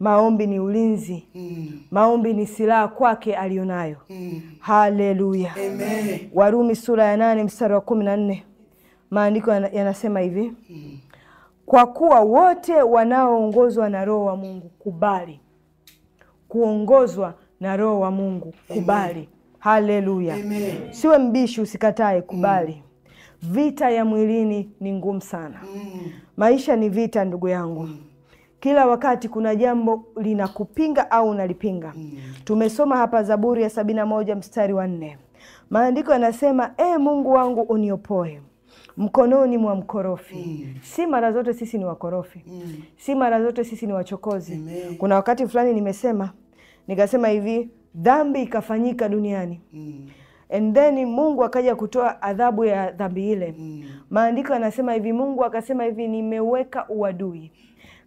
Maombi ni ulinzi mm. Maombi ni silaha kwake aliyonayo mm. Haleluya, Warumi sura ya nane mstari wa kumi na nne maandiko yanasema hivi mm. Kwa kuwa wote wanaoongozwa na Roho wa Mungu kubali kuongozwa na Roho wa Mungu kubali Haleluya, Siwe mbishi, usikatae, kubali mm. Vita ya mwilini ni ngumu sana mm. Maisha ni vita, ndugu yangu mm kila wakati kuna jambo linakupinga au unalipinga. Mm. Tumesoma hapa Zaburi ya sabini na moja mstari wa nne. Maandiko yanasema e, Mungu wangu uniopoe mkononi mwa mkorofi. Mm. Si mara zote sisi ni wakorofi. Mm. Si mara zote sisi ni wachokozi. Amen. Kuna wakati fulani nimesema nikasema hivi dhambi ikafanyika duniani. Mm. And then Mungu akaja kutoa adhabu ya dhambi ile. Mm. Maandiko yanasema hivi, Mungu akasema hivi, nimeweka uadui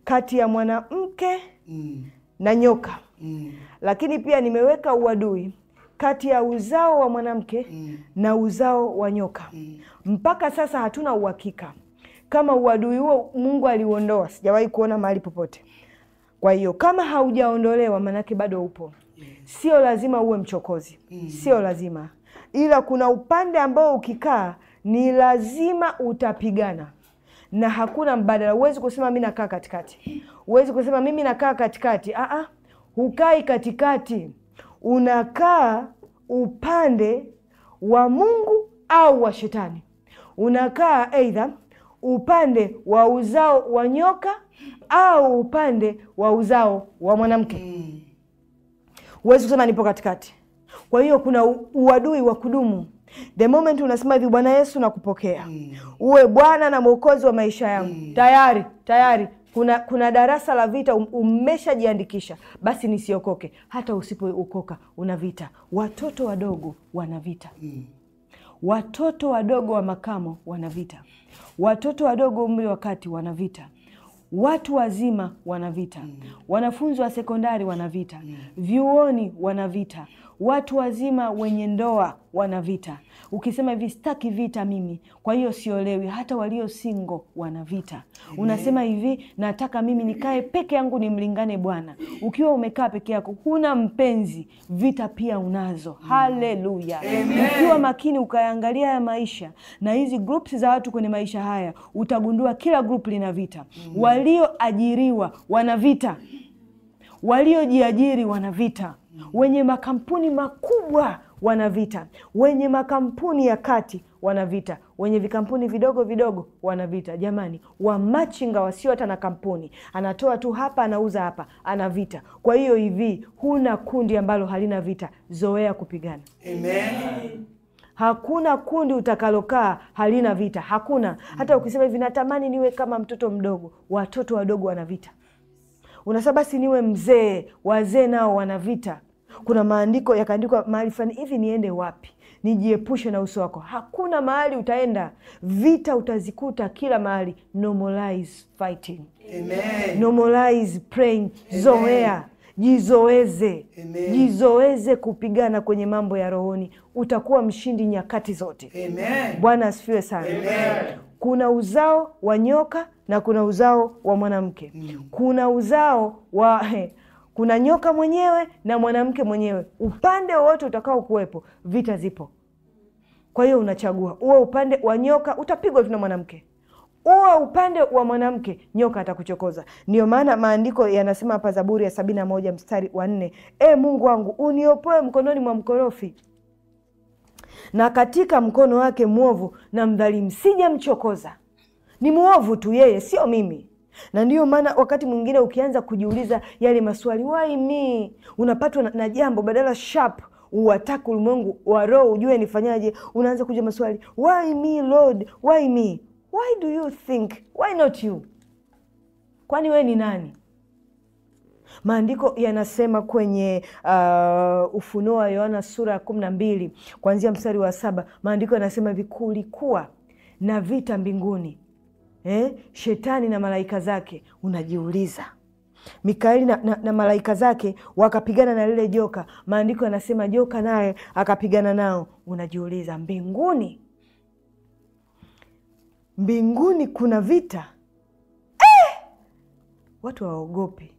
kati ya mwanamke mm. na nyoka mm. Lakini pia nimeweka uadui kati ya uzao wa mwanamke mm. na uzao wa nyoka mm. Mpaka sasa hatuna uhakika kama uadui huo Mungu aliuondoa, sijawahi kuona mahali popote. Kwa hiyo kama haujaondolewa, maanake bado upo. Sio lazima uwe mchokozi mm. Sio lazima, ila kuna upande ambao ukikaa ni lazima utapigana na hakuna mbadala. Huwezi kusema mi nakaa katikati, huwezi kusema mimi nakaa katikati. Aa, hukai katikati, unakaa upande wa Mungu au wa Shetani. Unakaa aidha upande wa uzao wa nyoka au upande wa uzao wa mwanamke. Mm. Huwezi kusema nipo katikati. Kwa hiyo kuna uadui wa kudumu the moment unasema hivi, Bwana Yesu nakupokea mm. uwe Bwana na mwokozi wa maisha yangu, mm. tayari tayari kuna kuna darasa la vita um, umeshajiandikisha, basi nisiokoke. Hata usipookoka una vita. Watoto wadogo wana vita, mm. watoto wadogo wa makamo wana vita, watoto wadogo umri wa kati wana vita, watu wazima wana vita, wanafunzi wa sekondari wana vita, vyuoni wana vita Watu wazima wenye ndoa wana vita. Ukisema hivi sitaki vita mimi, kwa hiyo siolewi. Hata walio singo wana vita. Unasema hivi nataka mimi nikae peke yangu nimlingane Bwana. Ukiwa umekaa peke yako, huna mpenzi, vita pia unazo. Mm. Haleluya! Ukiwa makini ukaangalia haya maisha na hizi groups za watu kwenye maisha haya, utagundua kila group lina vita. Mm. Walioajiriwa wana vita, waliojiajiri wana vita wenye makampuni makubwa wana vita, wenye makampuni ya kati wana vita, wenye vikampuni vidogo vidogo wana vita. Jamani, wamachinga wasio hata na kampuni, anatoa tu hapa, anauza hapa, ana vita. Kwa hiyo hivi, huna kundi ambalo halina vita, zoea kupigana. Amen. Hakuna kundi utakalokaa halina vita, hakuna. Hata ukisema hivi, natamani niwe kama mtoto mdogo, watoto wadogo wana vita unasema basi niwe mzee, wazee nao wana vita. Kuna maandiko yakaandikwa mahali fulani hivi, niende wapi? Nijiepushe na uso wako. Hakuna mahali utaenda, vita utazikuta kila mahali. Normalize fighting. Amen. Normalize praying. Zoea, jizoeze, jizoeze kupigana kwenye mambo ya rohoni. Utakuwa mshindi nyakati zote. Amen. Bwana asifiwe sana. Amen. Kuna uzao wa nyoka na kuna uzao wa mwanamke mm. kuna uzao wa he, kuna nyoka mwenyewe na mwanamke mwenyewe. Upande wowote utakao kuwepo, vita zipo. Kwa hiyo unachagua, uwe upande wa nyoka, utapigwa tu na mwanamke uwe upande wa mwanamke, nyoka atakuchokoza. Ndiyo maana maandiko yanasema hapa, Zaburi ya sabini na moja mstari wa nne e Mungu wangu uniopoe mkononi mwa mkorofi na katika mkono wake mwovu na mdhalimu, sijamchokoza ni mwovu tu yeye, sio mimi. Na ndiyo maana wakati mwingine ukianza kujiuliza yale maswali why me, unapatwa na jambo badala sharp uwataka ulimwengu wa roho ujue nifanyaje, unaanza kuja maswali why me Lord, why me, why do you think, why not you? Kwani wewe ni nani? Maandiko yanasema kwenye uh, Ufunuo wa Yohana sura ya kumi na mbili kuanzia mstari wa saba maandiko yanasema hivi, kulikuwa na vita mbinguni eh, shetani na malaika zake, unajiuliza Mikaeli na, na, na malaika zake wakapigana na lile joka. Maandiko yanasema joka naye akapigana nao. Unajiuliza, mbinguni, mbinguni kuna vita eh! Watu hawaogopi,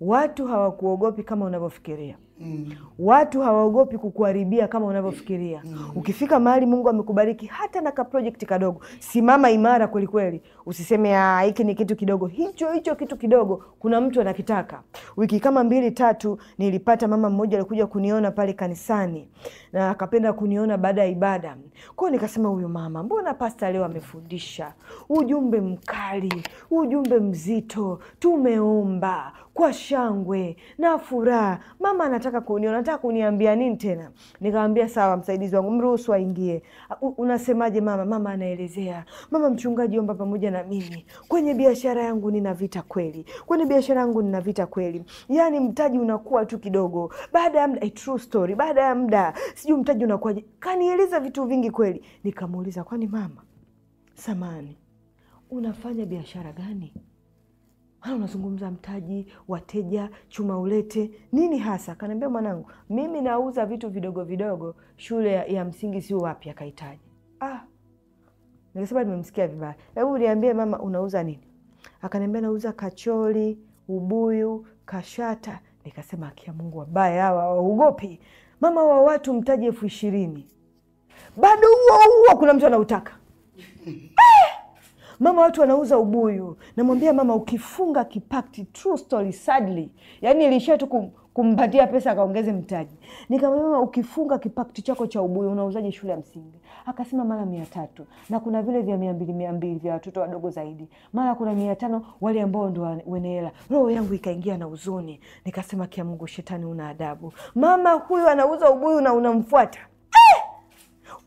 watu hawakuogopi kama unavyofikiria mm. Watu hawaogopi kukuharibia kama unavyofikiria mm. Ukifika mahali Mungu amekubariki hata na kaprojekti kadogo, simama imara kwelikweli usiseme ah, hiki ni kitu kidogo. Hicho hicho kitu kidogo kuna mtu anakitaka. Wiki kama mbili tatu nilipata mama mmoja alikuja kuniona pale kanisani na akapenda kuniona baada ya ibada. kwao nikasema, huyu mama, mbona pasta leo amefundisha ujumbe mkali, ujumbe mzito? Tumeomba kwa shangwe na furaha, mama anataka kuniona, anataka kuniambia nini tena? Nikamwambia sawa, msaidizi wangu, mruhusu aingie. Unasemaje mama? Mama anaelezea, mama mchungaji omba pamoja na mimi kwenye biashara yangu nina vita kweli, kwenye biashara yangu nina vita kweli. Yani mtaji unakuwa tu kidogo, baada ya muda, true story, baada ya muda sijui mtaji unakuwaje. Kanieleza vitu vingi kweli. Nikamuuliza, kwani mama samani, unafanya biashara gani? Maana ah, unazungumza mtaji, wateja, chuma ulete nini hasa? Kanaambia mwanangu, mimi nauza vitu vidogo vidogo, shule ya msingi sio wapi akahitaji. Ah, Nikasema nimemsikia vibaya. Hebu niambie mama, unauza nini? Akaniambia nauza kachori, ubuyu, kashata. Nikasema akia Mungu, wabaya hawa waugopi Mama wa watu mtaji elfu ishirini bado huo huo kuna mtu anautaka. Eh! Mama watu wanauza ubuyu, namwambia mama, ukifunga kipakti, true story, sadly, yani ilishia tu kumpatia pesa akaongeze mtaji. Nikamwambia mama, ukifunga kipakti chako cha ubuyu unauzaje shule ya msingi? akasema mara mia tatu na kuna vile vya mia mbili mia mbili vya watoto wadogo zaidi, mara kuna mia tano wale ambao ndo wenye hela. Roho yangu ikaingia na huzuni, nikasema kia Mungu, shetani una adabu, mama huyu anauza ubuyu na unamfuata eh!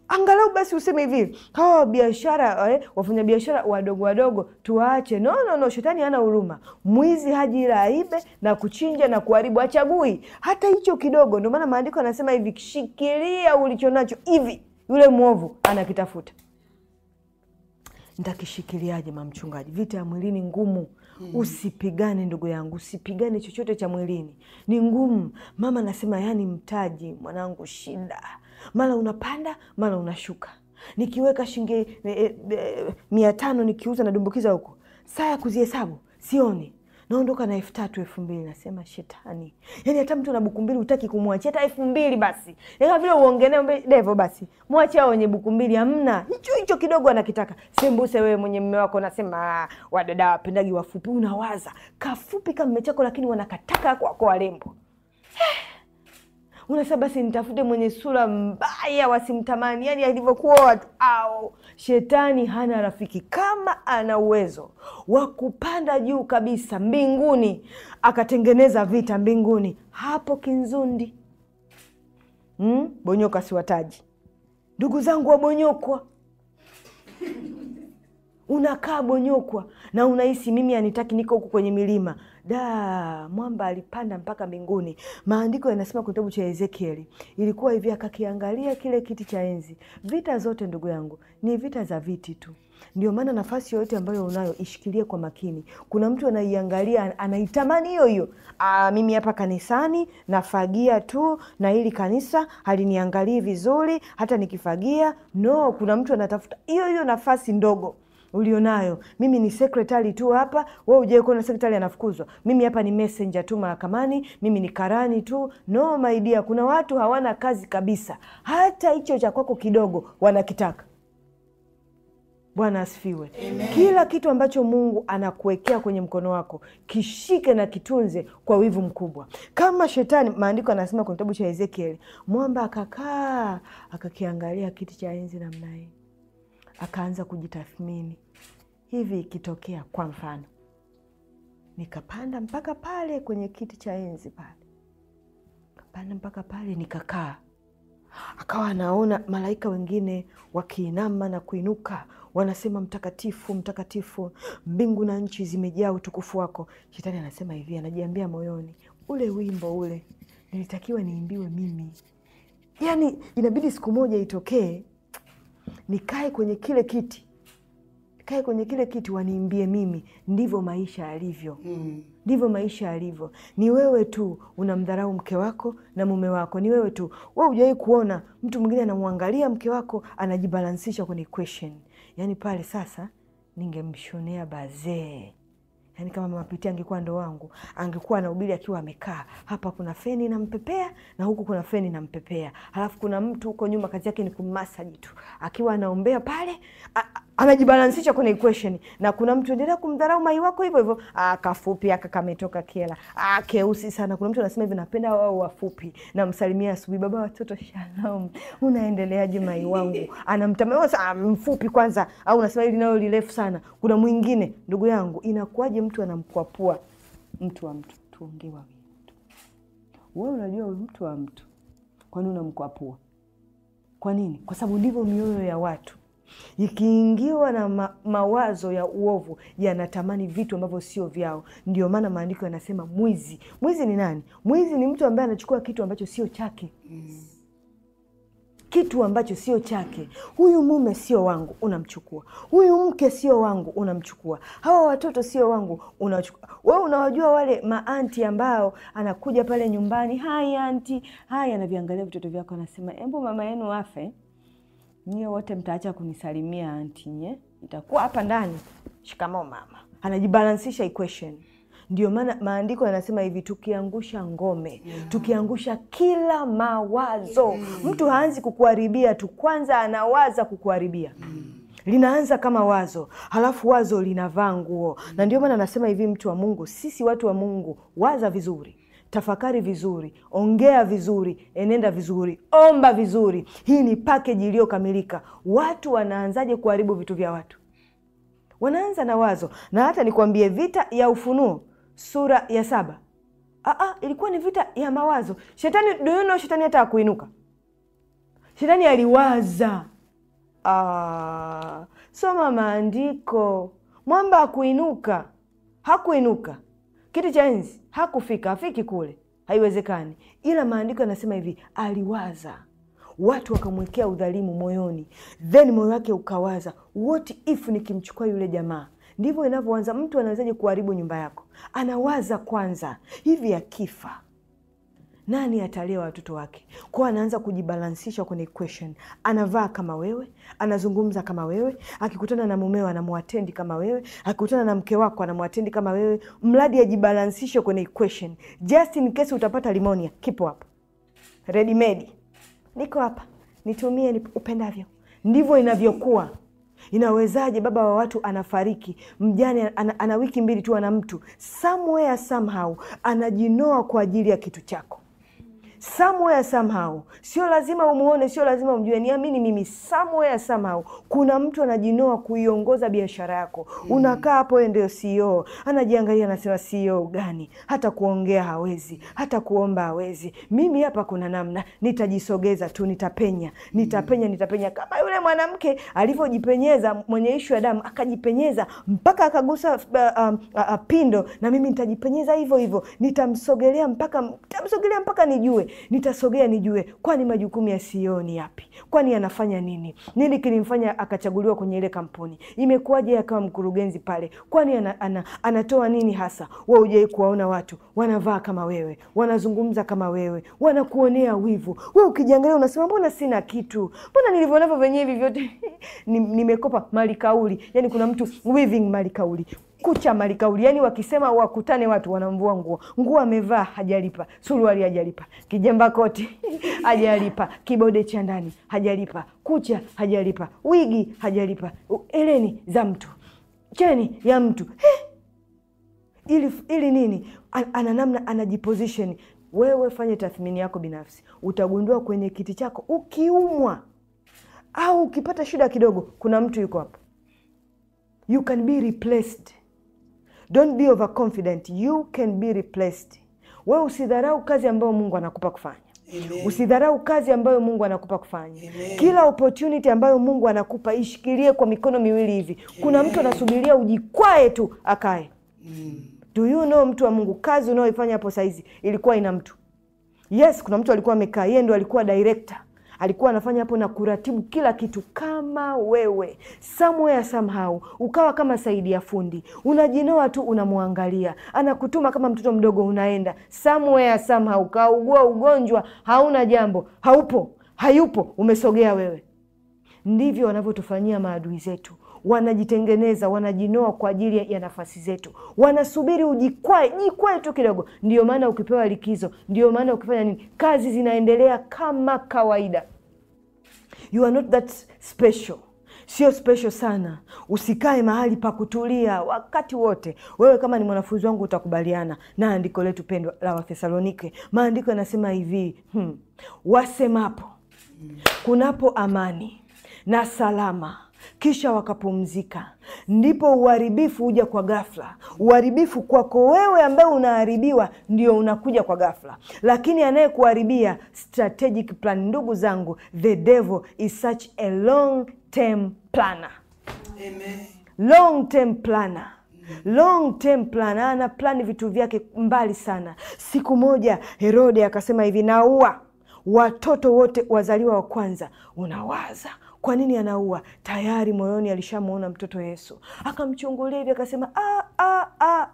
angalau basi useme hivi hawa biashara eh, wafanya biashara wadogo wadogo tuwaache. No, no, no, shetani hana huruma. Mwizi haji ila aibe na kuchinja na kuharibu, achagui hata hicho kidogo. Ndio maana maandiko anasema hivi, shikilia ulichonacho hivi yule mwovu anakitafuta. Ntakishikiliaje mamchungaji? Vita ya mwilini ngumu. Hmm. Usipigane ndugu yangu, usipigane chochote cha mwilini, ni ngumu. Mama anasema yani, mtaji mwanangu, shida, mara unapanda mara unashuka. Nikiweka shilingi e, e, eh, eh, eh, mia tano nikiuza nadumbukiza huko, saa ya kuzihesabu sioni naondoka na elfu tatu elfu mbili nasema shetani, yani hata mtu na buku mbili hutaki kumwachia hata elfu mbili basi, yaani kama vile uongene devo basi, mwache ao wenye buku mbili, hamna hicho hicho kidogo anakitaka. Sembuse wewe mwenye mme wako, nasema wadada wapendagi wafupi, unawaza kafupi kama mmechako, lakini wanakataka kwako warembo unasema basi nitafute mwenye sura mbaya wasimtamani. Yani alivyokuwa watu au shetani hana rafiki. Kama ana uwezo wa kupanda juu kabisa mbinguni akatengeneza vita mbinguni, hapo Kinzundi hmm? Bonyoka siwataji ndugu zangu wabonyokwa unakaa Bonyokwa na unahisi mimi anitaki, niko huku kwenye milima da mwamba alipanda mpaka mbinguni. Maandiko yanasema kwenye kitabu cha Ezekieli ilikuwa hivi, akakiangalia kile kiti cha enzi. Vita zote ndugu yangu ni vita za viti tu. Ndio maana nafasi yoyote ambayo unayo ishikilie kwa makini. Kuna mtu anaiangalia anaitamani hiyo hiyo, ah, mimi hapa kanisani nafagia tu na hili kanisa haliniangalii vizuri, hata nikifagia no. Kuna mtu anatafuta hiyo hiyo nafasi ndogo ulionayo. Mimi ni sekretari tu hapa, wewe hujawahi kuona sekretari anafukuzwa. Mimi hapa ni messenger tu mahakamani, mimi ni karani tu. No my dear, kuna watu hawana kazi kabisa, hata hicho cha kwako kidogo wanakitaka. Bwana asifiwe. Kila kitu ambacho Mungu anakuwekea kwenye mkono wako kishike na kitunze kwa wivu mkubwa. Kama shetani, maandiko anasema kwenye kitabu cha Ezekieli, mwamba akakaa akakiangalia kiti cha enzi namna hii, akaanza kujitathmini, hivi ikitokea kwa mfano nikapanda mpaka pale kwenye kiti cha enzi pale, kapanda mpaka pale nikakaa, akawa anaona malaika wengine wakiinama na kuinuka, wanasema mtakatifu, mtakatifu, mbingu na nchi zimejaa utukufu wako. Shetani anasema hivi, anajiambia moyoni, ule wimbo ule nilitakiwa niimbiwe mimi. Yani inabidi siku moja itokee nikae kwenye kile kiti kae kwenye kile kitu waniimbie mimi. Ndivyo maisha yalivyo, mm. ndivyo mm. maisha yalivyo. Ni wewe tu unamdharau mke wako na mume wako, ni wewe tu. We hujawahi kuona mtu mwingine anamwangalia mke wako anajibalansisha kwenye equation. Yani pale sasa ningemshonea bazee Yani kama mapitia angekuwa ndo wangu, angekuwa anahubiri akiwa amekaa hapa, kuna feni inampepea na huku kuna feni inampepea, halafu kuna mtu huko nyuma kazi yake ni kumasaji tu, akiwa anaombea pale amejibalansisha kwenye equation na kuna mtu endelea kumdharau mai wako hivyo hivyo, akafupi ah, kafupi aka kametoka kiela akeusi ah, keusi sana. Kuna mtu anasema hivi, napenda wao wafupi, namsalimia asubuhi, baba watoto, shalom, unaendeleaje mai wangu? Anamtamaa sana ah, mfupi kwanza, au unasema hili nalo lirefu sana. Kuna mwingine, ndugu yangu, inakuwaje mtu anamkwapua mtu wa mtu? Tuongee wa mtu, wewe unajua mtu wa mtu, kwani unamkwapua kwa nini? Kwa sababu ndivyo mioyo ya watu ikiingiwa na ma mawazo ya uovu yanatamani vitu ambavyo sio vyao. Ndio maana maandiko yanasema mwizi. Mwizi ni nani? Mwizi ni mtu ambaye anachukua kitu ambacho sio chake kitu ambacho sio chake. Huyu mume sio wangu, unamchukua. Huyu mke sio wangu, unamchukua. Hawa watoto sio wangu, unachukua. Wewe unawajua wale maanti ambao anakuja pale nyumbani, hai anti, hai, anaviangalia vitoto vyako, anasema embu mama yenu afe nyie wote mtaacha kunisalimia anti, nye itakuwa hapa ndani shikamo mama. Anajibalansisha equation. Ndio maana maandiko yanasema hivi, tukiangusha ngome yeah. Tukiangusha kila mawazo yeah. Mtu haanzi kukuharibia tu, kwanza anawaza kukuharibia mm. Linaanza kama wazo, halafu wazo linavaa nguo mm. Na ndio maana anasema hivi, mtu wa Mungu, sisi watu wa Mungu, waza vizuri tafakari vizuri, ongea vizuri, enenda vizuri, omba vizuri. Hii ni pakeji iliyokamilika. Watu wanaanzaje kuharibu vitu vya watu? Wanaanza na wazo, na hata nikwambie, vita ya Ufunuo sura ya saba Aa, ilikuwa ni vita ya mawazo. Shetani do you know, shetani hata akuinuka, shetani aliwaza. Aa, soma maandiko, mwamba akuinuka, hakuinuka kiti cha enzi hakufika, hafiki kule, haiwezekani. Ila maandiko yanasema hivi, aliwaza watu wakamwekea udhalimu moyoni, then moyo wake ukawaza, what if nikimchukua yule jamaa? Ndivyo inavyoanza. Mtu anawezaje kuharibu nyumba yako? Anawaza kwanza, hivi akifa nani atalea watoto wake? Kwao anaanza kujibalansisha kwenye equation. Anavaa kama wewe, anazungumza kama wewe, akikutana na mumeo anamwatendi kama wewe, akikutana na mke wako anamwatendi kama wewe, mradi ajibalansishe kwenye equation. Just in case utapata limonia, kipo hapo ready made, niko hapa, nitumie upendavyo. Ndivyo inavyokuwa. Inawezaje baba wa watu anafariki, mjane ana, ana wiki mbili tu, ana mtu somewhere somehow anajinoa kwa ajili ya kitu chako somewhere somehow, sio lazima umuone, sio lazima umjue. Niamini mimi, somewhere somehow kuna mtu anajinoa kuiongoza biashara yako. mm. Unakaa hapo, yeye ndio CEO, anajiangalia anasema, CEO gani? Hata kuongea hawezi, hata kuomba hawezi. Mimi hapa kuna namna, nitajisogeza tu, nitapenya, mm. nitapenya, nitapenya, kama yule mwanamke alivyojipenyeza, mwenye ishu ya damu akajipenyeza mpaka akagusa uh, pindo, na mimi nitajipenyeza hivyo hivyo, nitamsogelea mpaka nitamsogelea mpaka nijue nitasogea nijue, kwani majukumu ya CEO ni yapi? Kwani anafanya nini? Nini kilimfanya akachaguliwa kwenye ile kampuni? Imekuwaje akawa mkurugenzi pale? Kwani ana, ana, anatoa nini hasa? Wewe hujai kuwaona watu wanavaa kama wewe, wanazungumza kama wewe, wanakuonea wivu. Wewe ukijiangalia unasema mbona sina kitu, mbona nilivyo navyo venyewe hivi vyote nimekopa mali kauli Yani kuna mtu weaving kauli kucha malikauli, yani wakisema wakutane watu wanamvua nguo. Nguo amevaa hajalipa, suruali hajalipa, kijemba koti hajalipa, kibode cha ndani hajalipa, kucha hajalipa, wigi hajalipa, eleni za mtu, cheni ya mtu eh, ili, ili nini? Ana namna anajiposition. Wewe fanye tathmini yako binafsi, utagundua kwenye kiti chako ukiumwa au ukipata shida kidogo, kuna mtu yuko hapo. You can be replaced. Don't be overconfident, you can be replaced. Wewe usidharau kazi ambayo Mungu anakupa kufanya. Amen. Usidharau kazi ambayo Mungu anakupa kufanya. Amen. Kila opportunity ambayo Mungu anakupa ishikilie kwa mikono miwili hivi. Kuna mtu anasubiria ujikwae tu akae. Mm. Do you know, mtu wa Mungu, kazi unaoifanya hapo saizi ilikuwa ina mtu. Yes, kuna mtu alikuwa amekaa, yeye ndo alikuwa director alikuwa anafanya hapo na kuratibu kila kitu kama wewe, somewhere somehow ukawa kama Saidi ya fundi, unajinoa tu, unamwangalia, anakutuma kama mtoto mdogo, unaenda somewhere somehow. Ukaugua ugonjwa, hauna jambo, haupo, hayupo, umesogea wewe. Ndivyo wanavyotufanyia maadui zetu wanajitengeneza, wanajinoa kwa ajili ya nafasi zetu, wanasubiri ujikwae, jikwae tu kidogo. Ndio maana ukipewa likizo, ndio maana ukifanya nini, kazi zinaendelea kama kawaida. You are not that special Sio special sana. Usikae mahali pa kutulia wakati wote. Wewe kama ni mwanafunzi wangu utakubaliana na andiko letu pendwa la Wathesalonike. Maandiko yanasema hivi hmm, wasemapo kunapo amani na salama kisha wakapumzika. Ndipo uharibifu huja kwa ghafla. Uharibifu kwako wewe ambaye unaharibiwa ndio unakuja kwa ghafla, lakini anayekuharibia strategic plan, ndugu zangu, the devil is such a long term planner. Amen. Long term planner long term plan, ana plani vitu vyake mbali sana. Siku moja Herode akasema hivi, naua watoto wote wazaliwa wa kwanza. Unawaza kwa nini anaua? Tayari moyoni alishamwona mtoto Yesu, akamchungulia hivi akasema, ah, ah,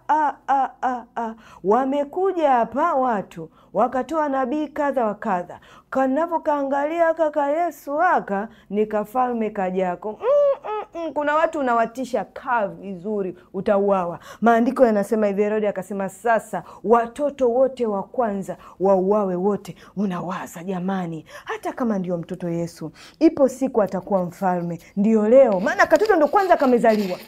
ah, Wamekuja hapa watu wakatoa nabii kadha wa kadha, kanavyokaangalia aka ka Yesu aka ni kafalme kajako. mm, mm, mm. Kuna watu unawatisha kaa vizuri, utauawa. Maandiko yanasema hivi, herodi akasema, sasa watoto wote wa kwanza wauawe wote. Unawaza jamani, hata kama ndio mtoto Yesu, ipo siku atakuwa mfalme. Ndio leo, maana katoto ndo kwanza kamezaliwa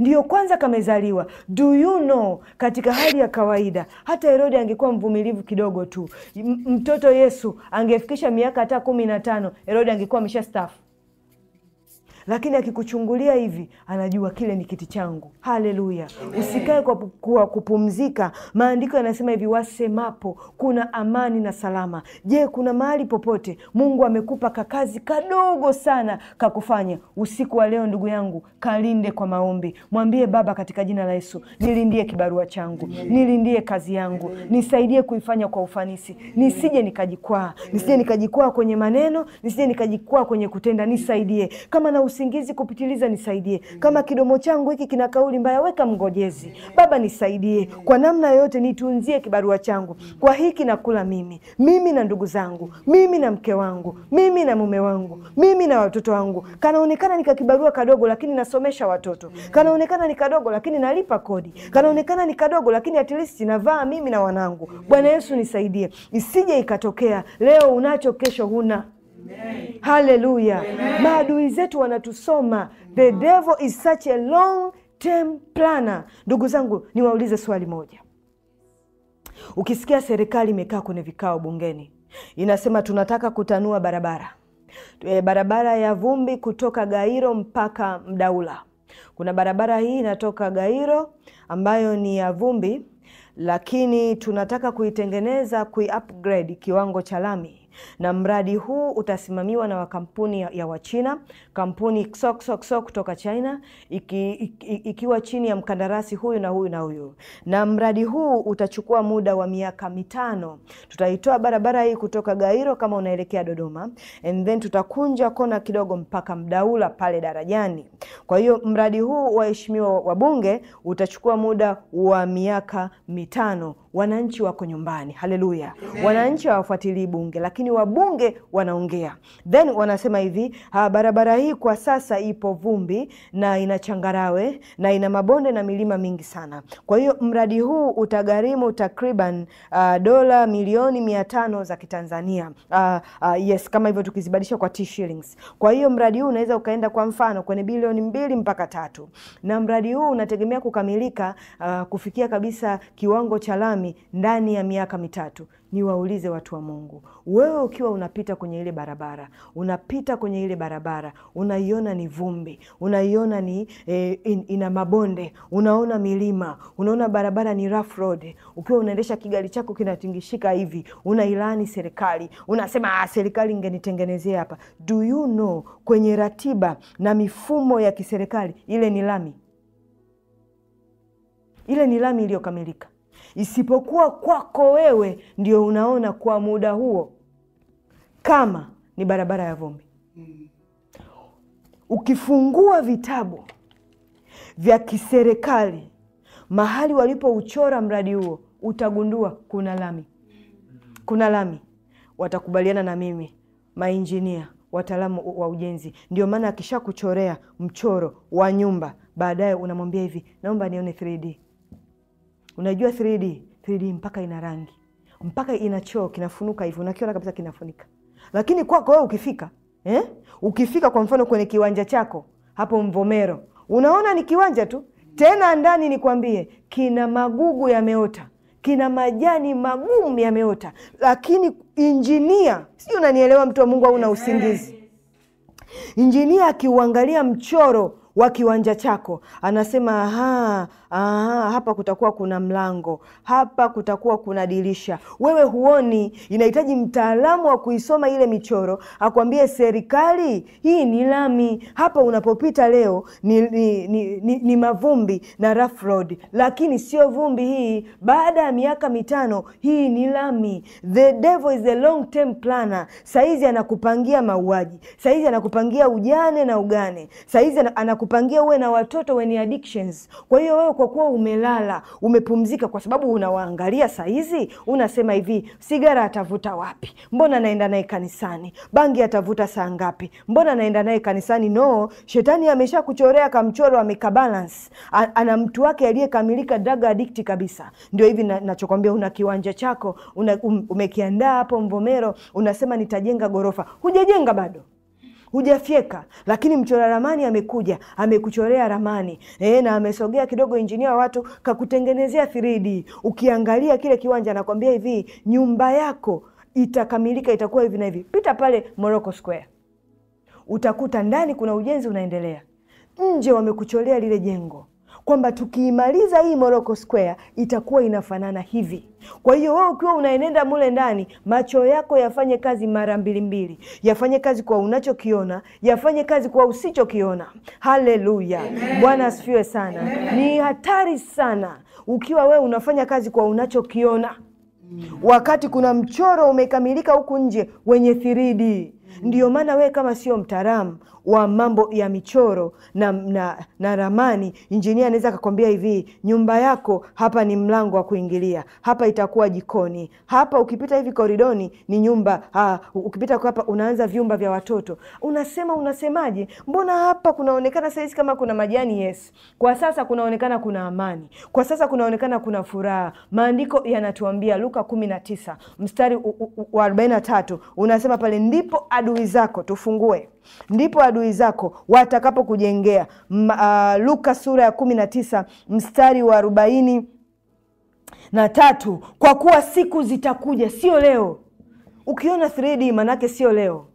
ndiyo kwanza kamezaliwa. Do you know, katika hali ya kawaida hata Herode angekuwa mvumilivu kidogo tu, mtoto Yesu angefikisha miaka hata kumi na tano, Herode angekuwa ameshastaafu lakini akikuchungulia hivi anajua kile ni kiti changu. Haleluya! Usikae kwa, kwa kupumzika. Maandiko yanasema hivi, wasemapo kuna amani na salama. Je, kuna mahali popote Mungu amekupa kakazi kadogo sana kakufanya? Usiku wa leo, ndugu yangu, kalinde kwa maombi. Mwambie Baba, katika jina la Yesu, nilindie kibarua changu, nilindie kazi yangu, nisaidie kuifanya kwa ufanisi, nisije nikajikwaa, nisije nikajikwaa kwenye maneno, nisije nikajikwaa kwenye kutenda. Nisaidie kama na usi usingizi kupitiliza, nisaidie. Mm. Kama kidomo changu hiki kina kauli mbaya, weka mgojezi. Baba nisaidie kwa namna yoyote, nitunzie kibarua changu. Kwa hiki nakula mimi, mimi na ndugu zangu, mimi na mke wangu, mimi na mume wangu, mimi na watoto wangu. Kanaonekana ni kibarua kadogo, lakini nasomesha watoto. Kanaonekana ni kadogo, lakini nalipa kodi. Kanaonekana ni kadogo, lakini at least navaa mimi na wanangu. Bwana Yesu nisaidie, isije ikatokea leo unacho, kesho huna. Haleluya! Maadui zetu wanatusoma. The devil is such a long term planner. Ndugu zangu, niwaulize swali moja. Ukisikia serikali imekaa kwenye vikao bungeni, inasema tunataka kutanua barabara e, barabara ya vumbi kutoka Gairo mpaka Mdaula. Kuna barabara hii inatoka Gairo ambayo ni ya vumbi, lakini tunataka kuitengeneza, kuiupgrade kiwango cha lami na mradi huu utasimamiwa na kampuni ya, ya Wachina, kampuni XOXOXO kutoka China iki, iki, ikiwa chini ya mkandarasi huyu na huyu na huyu, na mradi huu utachukua muda wa miaka mitano. Tutaitoa barabara hii kutoka Gairo kama unaelekea Dodoma, and then tutakunja kona kidogo mpaka Mdaula pale darajani. Kwa hiyo mradi huu, waheshimiwa wabunge, utachukua muda wa miaka mitano Wananchi wako nyumbani, haleluya. Wananchi hawafuatilii bunge, lakini wabunge wanaongea. Then wanasema hivi, ah, barabara hii kwa sasa ipo vumbi na ina changarawe na ina mabonde na milima mingi sana, kwa hiyo mradi huu utagharimu takriban uh, dola milioni mia tano za Kitanzania. Uh, uh, yes, kama hivyo tukizibadisha kwa T shillings. Kwa hiyo mradi huu unaweza ukaenda kwa mfano kwenye bilioni mbili mpaka tatu, na mradi huu unategemea kukamilika uh, kufikia kabisa kiwango cha lami nami ndani ya miaka mitatu, niwaulize watu wa Mungu, wewe ukiwa unapita kwenye ile barabara, unapita kwenye ile barabara, unaiona ni vumbi, unaiona ni eh, in, ina mabonde, unaona milima, unaona barabara ni rough road, ukiwa unaendesha kigari chako kinatingishika hivi, unailaani serikali, unasema ah, serikali ingenitengenezea hapa. Do you know kwenye ratiba na mifumo ya kiserikali ile ni lami ile ni lami iliyokamilika isipokuwa kwako wewe ndio unaona kwa muda huo kama ni barabara ya vumbi. Ukifungua vitabu vya kiserikali mahali walipouchora mradi huo utagundua kuna lami, kuna lami. Watakubaliana na mimi mainjinia, wataalamu wa ujenzi. Ndio maana akishakuchorea mchoro wa nyumba, baadaye unamwambia hivi, naomba nione 3D. Unajua 3D, 3D mpaka ina rangi mpaka ina choo kinafunuka hivyo, unakiona kabisa kinafunika. Lakini kwako wewe ukifika eh? ukifika kwa mfano kwenye kiwanja chako hapo Mvomero, unaona ni kiwanja tu, tena ndani nikwambie, kina magugu yameota, kina majani magumu yameota, lakini injinia, sijui unanielewa, mtu wa Mungu, au una usingizi. Injinia akiuangalia mchoro wa kiwanja chako anasema aha, aha, hapa kutakuwa kuna mlango, hapa kutakuwa kuna dirisha. Wewe huoni, inahitaji mtaalamu wa kuisoma ile michoro akwambie, serikali hii ni lami, hapa unapopita leo ni, ni, ni, ni, ni mavumbi na rough road, lakini sio vumbi hii. Baada ya miaka mitano hii ni lami. The devil is a long term planner. Saizi anakupangia mauaji, saizi anakupangia ujane na ugane, saizi anakupangia anakupangia uwe na watoto wenye addictions. Kwa hiyo wewe kwa kuwa umelala umepumzika, kwa sababu unawaangalia saizi, unasema hivi, sigara atavuta wapi? Mbona naenda naye kanisani? Bangi atavuta saa ngapi? Mbona naenda naye kanisani? No, shetani amesha kuchorea kamchoro, amekabalance. Ana mtu wake aliyekamilika drug addict kabisa. Ndio hivi nachokwambia, una kiwanja chako una, um, umekiandaa hapo Mvomero, unasema nitajenga gorofa, hujajenga bado hujafyeka, lakini mchora ramani amekuja amekuchorea ramani e, na amesogea kidogo, injinia watu kakutengenezea 3D. Ukiangalia kile kiwanja, nakwambia hivi, nyumba yako itakamilika, itakuwa hivi na hivi. Pita pale Morocco Square utakuta ndani kuna ujenzi unaendelea, nje wamekucholea lile jengo kwamba tukiimaliza hii Morocco Square itakuwa inafanana hivi. Kwa hiyo wewe ukiwa unaenenda mule ndani, macho yako yafanye kazi mara mbili mbili, yafanye kazi kwa unachokiona, yafanye kazi kwa usichokiona. Haleluya, Bwana asifiwe sana. Amen. Ni hatari sana ukiwa wewe unafanya kazi kwa unachokiona wakati kuna mchoro umekamilika huku nje wenye 3D. Ndiyo maana wewe kama sio mtaalamu wa mambo ya michoro na, na, na ramani, injinia anaweza akakwambia hivi, nyumba yako hapa ni mlango wa kuingilia, hapa itakuwa jikoni, hapa ukipita hivi koridoni ni nyumba ha, ukipita hapa unaanza vyumba vya watoto. Unasema unasemaje? Mbona hapa kunaonekana sahizi kama kuna majani? Yes, kwa sasa kunaonekana kuna amani, kwa sasa kunaonekana kuna furaha. Maandiko yanatuambia Luka 19 mstari wa 43 unasema pale, ndipo adui zako tufungue ndipo adui zako watakapokujengea. Uh, Luka sura ya kumi na tisa mstari wa arobaini na tatu. Kwa kuwa siku zitakuja, sio leo. Ukiona thredi manake sio leo.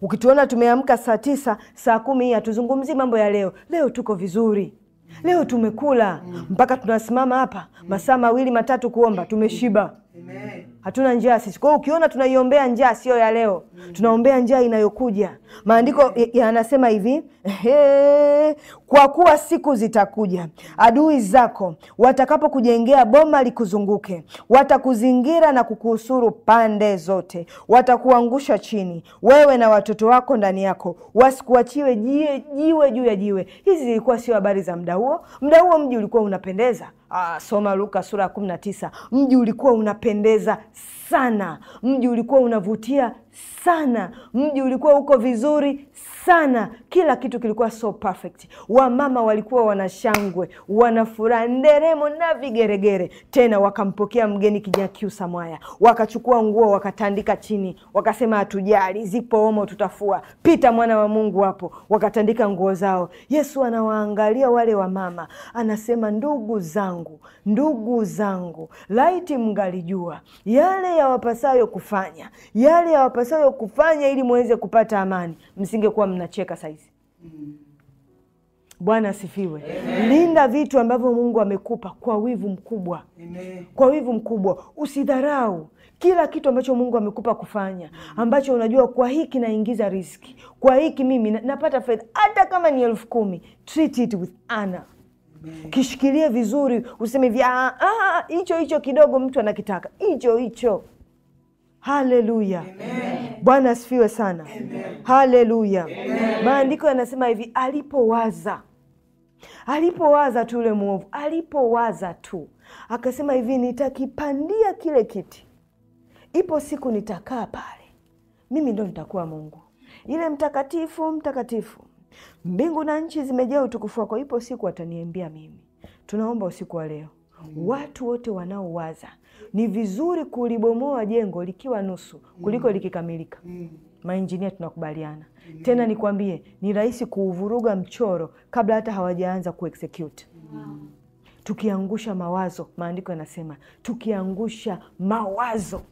Ukituona tumeamka saa tisa saa kumi hii hatuzungumzii mambo ya leo. Leo tuko vizuri leo tumekula mpaka tunasimama hapa masaa mawili matatu kuomba, tumeshiba. Amen hatuna njaa sisi. Kwa hiyo ukiona tunaiombea njaa sio ya leo, tunaombea njaa inayokuja. Maandiko yanasema ya hivi he, kwa kuwa siku zitakuja adui zako watakapokujengea boma likuzunguke, watakuzingira na kukuhusuru pande zote, watakuangusha chini, wewe na watoto wako ndani yako, wasikuachiwe jiwe, jiwe juu ya jiwe. Hizi zilikuwa sio habari za mda huo. Mda huo mji ulikuwa unapendeza. Ah, soma Luka sura ya kumi na tisa, mji ulikuwa unapendeza sana, mji ulikuwa unavutia sana, mji ulikuwa uko vizuri sana. Kila kitu kilikuwa so perfect. Wamama walikuwa wanashangwe wanafuraha nderemo na vigeregere. Tena wakampokea mgeni Kinyakyusa samwaya wakachukua nguo wakatandika chini, wakasema hatujali, zipo omo, tutafua. Pita mwana wa Mungu hapo. Wakatandika nguo zao. Yesu anawaangalia wale wamama, anasema ndugu zangu, ndugu zangu, laiti mngalijua yale yawapasayo kufanya, yale yawapasayo kufanya ili mweze kupata amani, msinge mliokuwa mnacheka saizi. Mm. Bwana asifiwe. Linda vitu ambavyo Mungu amekupa kwa wivu mkubwa. Amen. Kwa wivu mkubwa usidharau kila kitu ambacho Mungu amekupa kufanya, mm. ambacho unajua kwa hiki naingiza riski, kwa hiki mimi napata fedha, hata kama ni elfu kumi. Treat it with Kishikilie vizuri, useme ah, ah, hicho hicho kidogo mtu anakitaka hicho hicho Haleluya, Bwana asifiwe sana. Haleluya. Maandiko yanasema hivi, alipowaza alipowaza tu yule mwovu, alipowaza tu akasema hivi, nitakipandia kile kiti, ipo siku nitakaa pale, mimi ndo nitakuwa Mungu ile mtakatifu mtakatifu, mbingu na nchi zimejaa utukufu wako. Ipo siku ataniambia mimi. Tunaomba usiku wa leo, watu wote wanaowaza ni vizuri kulibomoa jengo likiwa nusu kuliko mm. likikamilika. Mm. Mainjinia tunakubaliana. Mm. Tena nikwambie, ni rahisi kuuvuruga mchoro kabla hata hawajaanza kuexecute. Tukiangusha mawazo, maandiko yanasema tukiangusha mawazo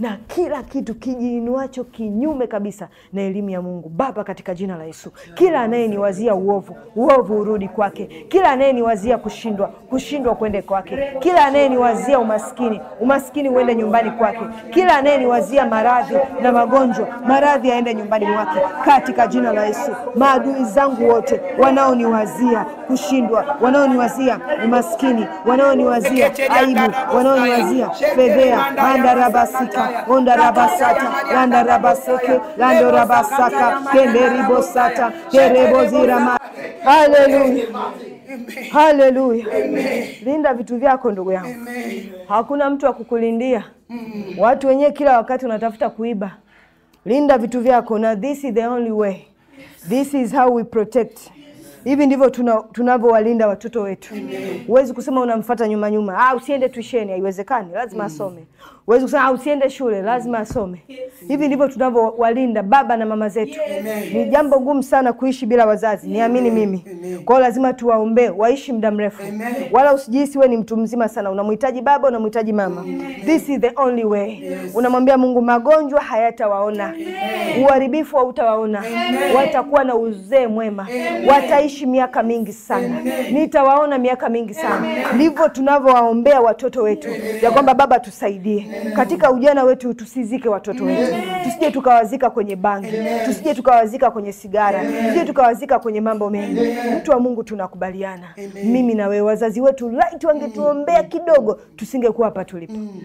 na kila kitu kijiinuacho kinyume kabisa na elimu ya Mungu Baba, katika jina la Yesu. Kila anayeniwazia uovu, uovu urudi kwake. Kila anayeniwazia kushindwa, kushindwa kwende kwake. Kila anayeniwazia umaskini, umaskini uende nyumbani kwake. Kila anayeniwazia maradhi na magonjwa, maradhi aende nyumbani mwake, katika jina la Yesu. Maadui zangu wote wanaoniwazia kushindwa, wanaoniwazia umaskini, wanaoniwazia aibu, wanaoniwazia fedhea, mandarabasika onda rabasata landa rabaseke lando rabasaka kenderibosata kerebozirama haleluya haleluya linda vitu vyako ndugu yangu hakuna mtu wa kukulindia mm. watu wenyewe kila wakati unatafuta kuiba linda vitu vyako na this is the only way this is how we protect hivi ndivyo tunavyowalinda tuna watoto wetu huwezi kusema unamfata nyuma nyuma ah, usiende tuisheni haiwezekani lazima mm. asome Huwezi kusema ah, usiende shule, lazima mm. asome. Hivi ndivyo tunavyowalinda baba na mama zetu. Ni jambo gumu sana kuishi bila wazazi, mm. niamini mimi. Kwa hiyo lazima tuwaombee waishi muda mrefu, wala usijihisi wewe ni mtu mzima sana. Unamhitaji baba, unamhitaji mama. This is the only way. Unamwambia Mungu, magonjwa hayatawaona, uharibifu hautawaona, watakuwa na uzee mwema, wataishi miaka mingi sana, nitawaona miaka mingi sana. Ndivyo tunavyowaombea watoto wetu, ya kwamba Baba tusaidie katika ujana wetu tusizike watoto wetu, tusije tukawazika kwenye bangi, tusije tukawazika kwenye sigara, tusije tukawazika kwenye mambo mengi. Mtu wa Mungu, tunakubaliana mimi na wewe, wazazi wetu laiti wangetuombea mm. kidogo, tusingekuwa hapa tulipo mm.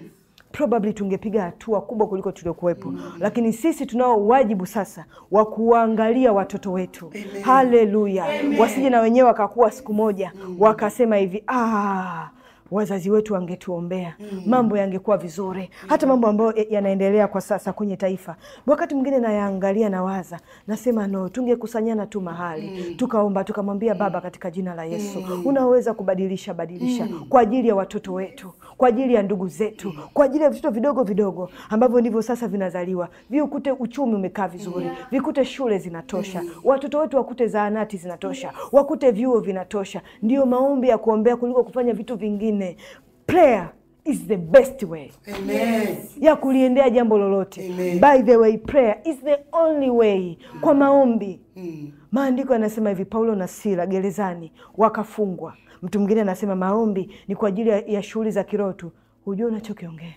probably tungepiga hatua kubwa kuliko tuliokuwepo. mm -hmm. Lakini sisi tunao wajibu sasa wa kuwaangalia watoto wetu. Haleluya, wasije na wenyewe wakakuwa siku moja mm -hmm. wakasema hivi ah, wazazi wetu wangetuombea mm. mambo yangekuwa vizuri mm. hata mambo ambayo yanaendelea kwa sasa kwenye taifa, wakati mwingine nayaangalia, na waza nasema no, tungekusanyana tu mahali mm. tukaomba, tukamwambia mm. Baba, katika jina la Yesu mm. unaweza kubadilisha badilisha mm. kwa ajili ya watoto wetu kwa ajili ya ndugu zetu, kwa ajili ya vitoto vidogo vidogo ambavyo ndivyo sasa vinazaliwa, viukute uchumi umekaa vizuri, vikute shule zinatosha, mm. watoto wetu wakute zahanati zinatosha, wakute vyuo vinatosha. Ndiyo maombi ya kuombea kuliko kufanya vitu vingine. Prayer is the best way Amen. ya kuliendea jambo lolote Amen. By the way, prayer is the only way kwa mm. maombi mm. Maandiko yanasema hivi, Paulo na Sila gerezani wakafungwa Mtu mwingine anasema maombi ni kwa ajili ya, shughuli za kiroho tu. Hujua unachokiongea.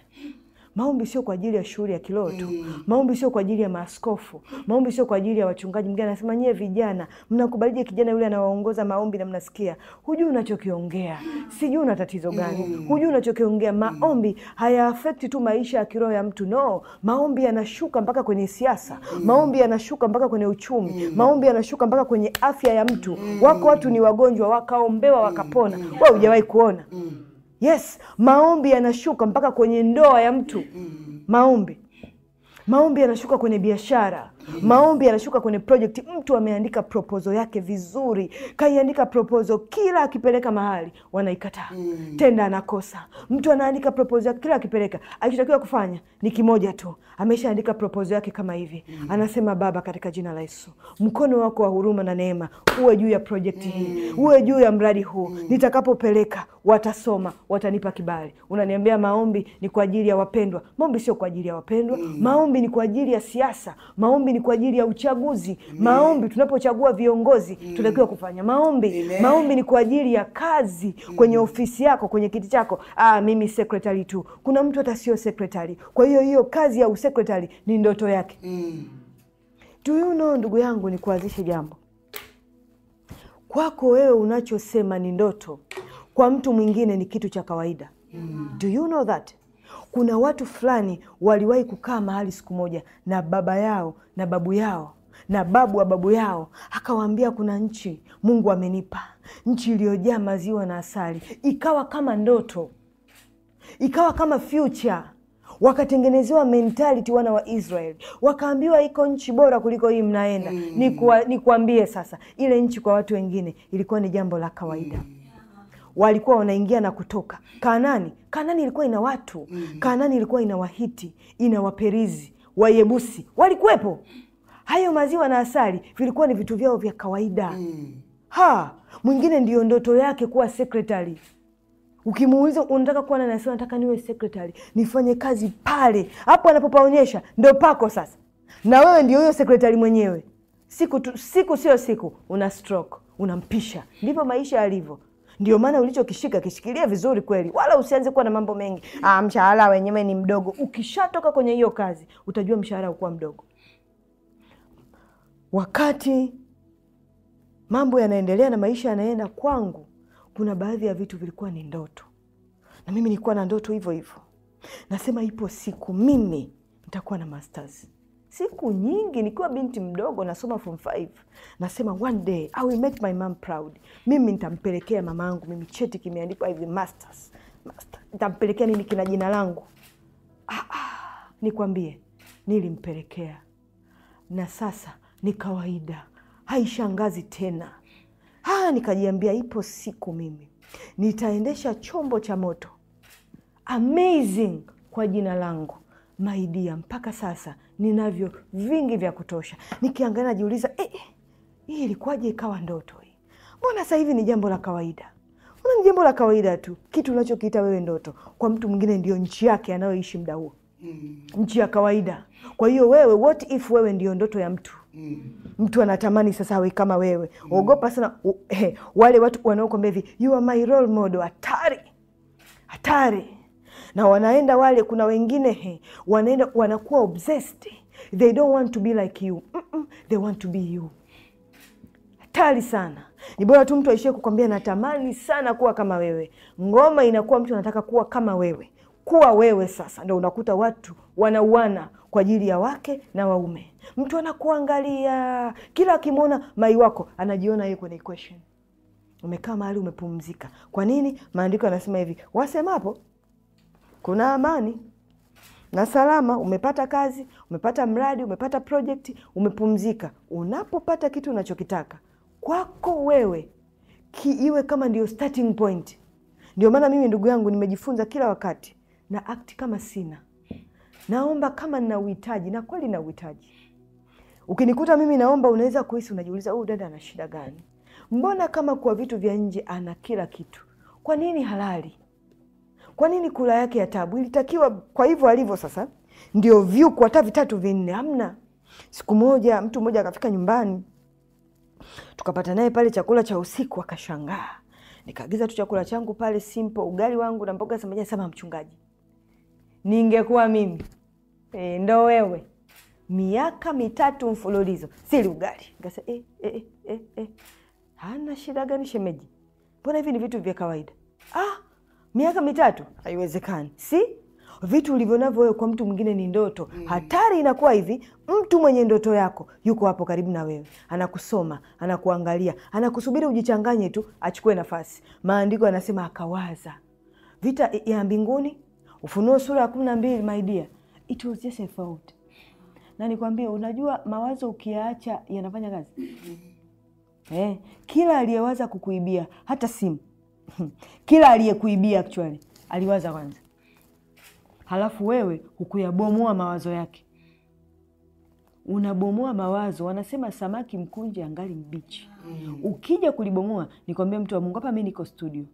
Maombi sio kwa ajili ya shughuli ya kiroho tu mm. Maombi sio kwa ajili ya maaskofu, maombi sio kwa ajili ya wachungaji. Mgine anasema nyie vijana mnakubalije kijana yule anawaongoza maombi na mnasikia, hujui unachokiongea, sijui una tatizo gani mm. Hujui unachokiongea. Mm. Maombi haya afekti tu maisha ya kiroho ya mtu, no. Maombi yanashuka mpaka kwenye siasa mm. Maombi yanashuka mpaka kwenye uchumi mm. Maombi yanashuka mpaka kwenye afya ya mtu mm. Wako watu ni wagonjwa wakaombewa wakapona, mm. wewe hujawahi kuona mm yes maombi yanashuka mpaka kwenye ndoa ya mtu maombi maombi yanashuka kwenye biashara Maombi yanashuka kwenye project mtu ameandika proposal yake vizuri, kaiandika proposal, kila akipeleka mahali wanaikataa mm. Tenda anakosa mtu anaandika proposal yake, kila akipeleka, alichotakiwa kufanya ni kimoja tu, ameshaandika proposal yake kama hivi mm. Anasema, Baba, katika jina la Yesu, mkono wako wa huruma na neema uwe juu ya project mm. hii uwe juu ya mradi huu mm. nitakapopeleka watasoma, watanipa kibali. Unaniambia maombi ni kwa ajili ya wapendwa? Maombi sio kwa ajili ya wapendwa mm. Maombi ni kwa ajili ya siasa, maombi ni kwa ajili ya uchaguzi Amen. Maombi tunapochagua viongozi mm. tunatakiwa kufanya maombi Amen. Maombi ni kwa ajili ya kazi mm. kwenye ofisi yako, kwenye kiti chako. Ah, mimi sekretari tu, kuna mtu hata sio sekretari. Kwa hiyo hiyo kazi ya usekretari ni ndoto yake mm. Do you know, ndugu yangu, ni kuanzishe jambo kwako wewe, unachosema ni ndoto, kwa mtu mwingine ni kitu cha kawaida mm. Do you know that kuna watu fulani waliwahi kukaa mahali siku moja na baba yao na babu yao na babu wa babu yao akawaambia, kuna nchi Mungu amenipa nchi iliyojaa maziwa na asali. Ikawa kama ndoto, ikawa kama future. Wakatengenezewa mentality wana wa Israeli, wakaambiwa iko nchi bora kuliko hii mnaenda. mm. Nikuwa, nikuambie sasa, ile nchi kwa watu wengine ilikuwa ni jambo la kawaida. mm. Walikuwa wanaingia na kutoka kanani Kanani ilikuwa ina watu mm. ilikuwa ina Wahiti, ina Waperizi, Wayebusi walikuwepo. Hayo maziwa na asali vilikuwa ni vitu vyao vya kawaida mm. Ha, mwingine ndiyo ndoto yake kuwa sekretari. Ukimuuliza unataka kuwa nani, anasema nataka niwe sekretari, nifanye kazi pale. Hapo anapopaonyesha ndo pako sasa, na wewe ndio huyo sekretari mwenyewe. Siku tu, siku sio siku, una stroke unampisha. Ndivyo maisha yalivyo. Ndio maana ulichokishika kishikilia vizuri kweli, wala usianze kuwa na mambo mengi, ah, mshahara wenyewe ni mdogo. Ukishatoka kwenye hiyo kazi utajua mshahara ukuwa mdogo. Wakati mambo yanaendelea na maisha yanaenda, kwangu kuna baadhi ya vitu vilikuwa ni ndoto, na mimi nilikuwa na ndoto hivyo hivyo, nasema ipo siku mimi nitakuwa na masters siku nyingi nikiwa binti mdogo nasoma form 5 nasema one day I will make my mom proud. Mimi nitampelekea mamangu mimi cheti kimeandikwa hivi masters. Master. Nitampelekea nini kina jina langu? Ah, ah, nikwambie nilimpelekea na sasa ni kawaida, haishangazi tena. Ha, nikajiambia ipo siku mimi nitaendesha chombo cha moto amazing kwa jina langu maidia, mpaka sasa ninavyo vingi vya kutosha. Nikiangalia najiuliza, eh, eh, hii ilikuwaje ikawa ndoto hii? Mbona sasa hivi ni jambo la kawaida? Mbona ni jambo la kawaida tu, kitu unachokiita wewe ndoto, kwa mtu mwingine ndio nchi yake anayoishi muda huo Mm. Nchi ya kawaida. Kwa hiyo wewe, what if wewe ndio ndoto ya mtu mm. Mtu anatamani sasa awe kama wewe mm. Ogopa sana uh, eh, wale watu wanaokwambia hivi you are my role model. Hatari, hatari na wanaenda wale, kuna wengine he, wanaenda wanakuwa obsessed, they don't want to be like you mm -mm, they want to be you. Hatari sana. Ni bora tu mtu aishie kukwambia natamani sana kuwa kama wewe. Ngoma inakuwa mtu anataka kuwa kama wewe, kuwa wewe. Sasa ndo unakuta watu wanauana kwa ajili ya wake na waume. Mtu anakuangalia kila akimwona mai wako anajiona yeye kwenye equation. Umekaa mahali umepumzika. Kwa nini? Maandiko yanasema hivi, wasemapo kuna amani na salama. Umepata kazi, umepata mradi, umepata projekti, umepumzika. Unapopata kitu unachokitaka kwako wewe, kiiwe kama ndio starting point. Ndio maana mimi, ndugu yangu, nimejifunza kila wakati na akti kama sina, naomba kama nina uhitaji, na kweli na uhitaji. Ukinikuta mimi naomba, unaweza kuhisi, unajiuliza huyu oh, dada ana shida gani? Mbona kama kwa vitu vya nje ana kila kitu, kwa nini halali? Kwa nini kula yake ya tabu ilitakiwa? Kwa hivyo alivyo sasa, ndio vyuku hata vitatu vinne hamna. Siku moja mtu mmoja akafika nyumbani, tukapata naye pale chakula cha usiku, akashangaa. Nikaagiza tu chakula changu pale simple, ugali wangu na mboga za majani. Sama ah, mchungaji, ningekuwa mimi e, ndo wewe miaka mitatu mfululizo sili ugali. Nikasema eh, eh, eh, eh. eh hana shida gani shemeji, mbona hivi ni vitu vya kawaida ah miaka mitatu haiwezekani, si vitu ulivyo navyo wewe kwa mtu mwingine ni ndoto. mm. Hatari inakuwa hivi, mtu mwenye ndoto yako yuko hapo karibu na wewe, anakusoma, anakuangalia, anakusubiri ujichanganye tu achukue nafasi. Maandiko anasema akawaza vita ya mbinguni, Ufunuo sura ya kumi na mbili. maidia it was just a thought. Na nikwambie, unajua mawazo ukiyaacha yanafanya kazi mm-hmm. eh, kila aliyewaza kukuibia hata simu kila aliyekuibia actually aliwaza kwanza, halafu wewe hukuyabomoa mawazo yake, unabomoa mawazo. Wanasema samaki mkunje angali mbichi. mm. Ukija kulibomoa, nikwambie mtu wa Mungu, hapa mi niko studio,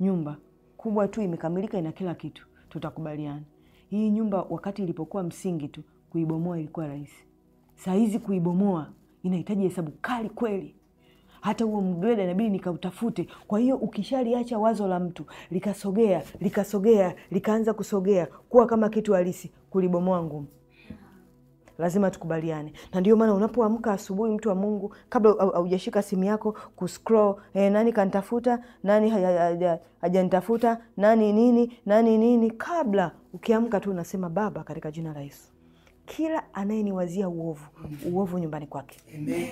nyumba kubwa tu imekamilika, ina kila kitu, tutakubaliana. Hii nyumba wakati ilipokuwa msingi tu kuibomoa ilikuwa rahisi, saa hizi kuibomoa inahitaji hesabu kali kweli hata huo mgweda inabidi nikautafute. Kwa hiyo ukishaliacha wazo la mtu likasogea likasogea likaanza kusogea kuwa kama kitu halisi, kulibomoa ngumu. Lazima tukubaliane, na ndio maana unapoamka asubuhi, mtu wa Mungu, kabla haujashika simu yako kuscroll, eh, nani kanitafuta, nani hajanitafuta, nani nini, nani nini, kabla ukiamka tu unasema Baba, katika jina la Yesu kila anayeniwazia uovu uovu nyumbani kwake.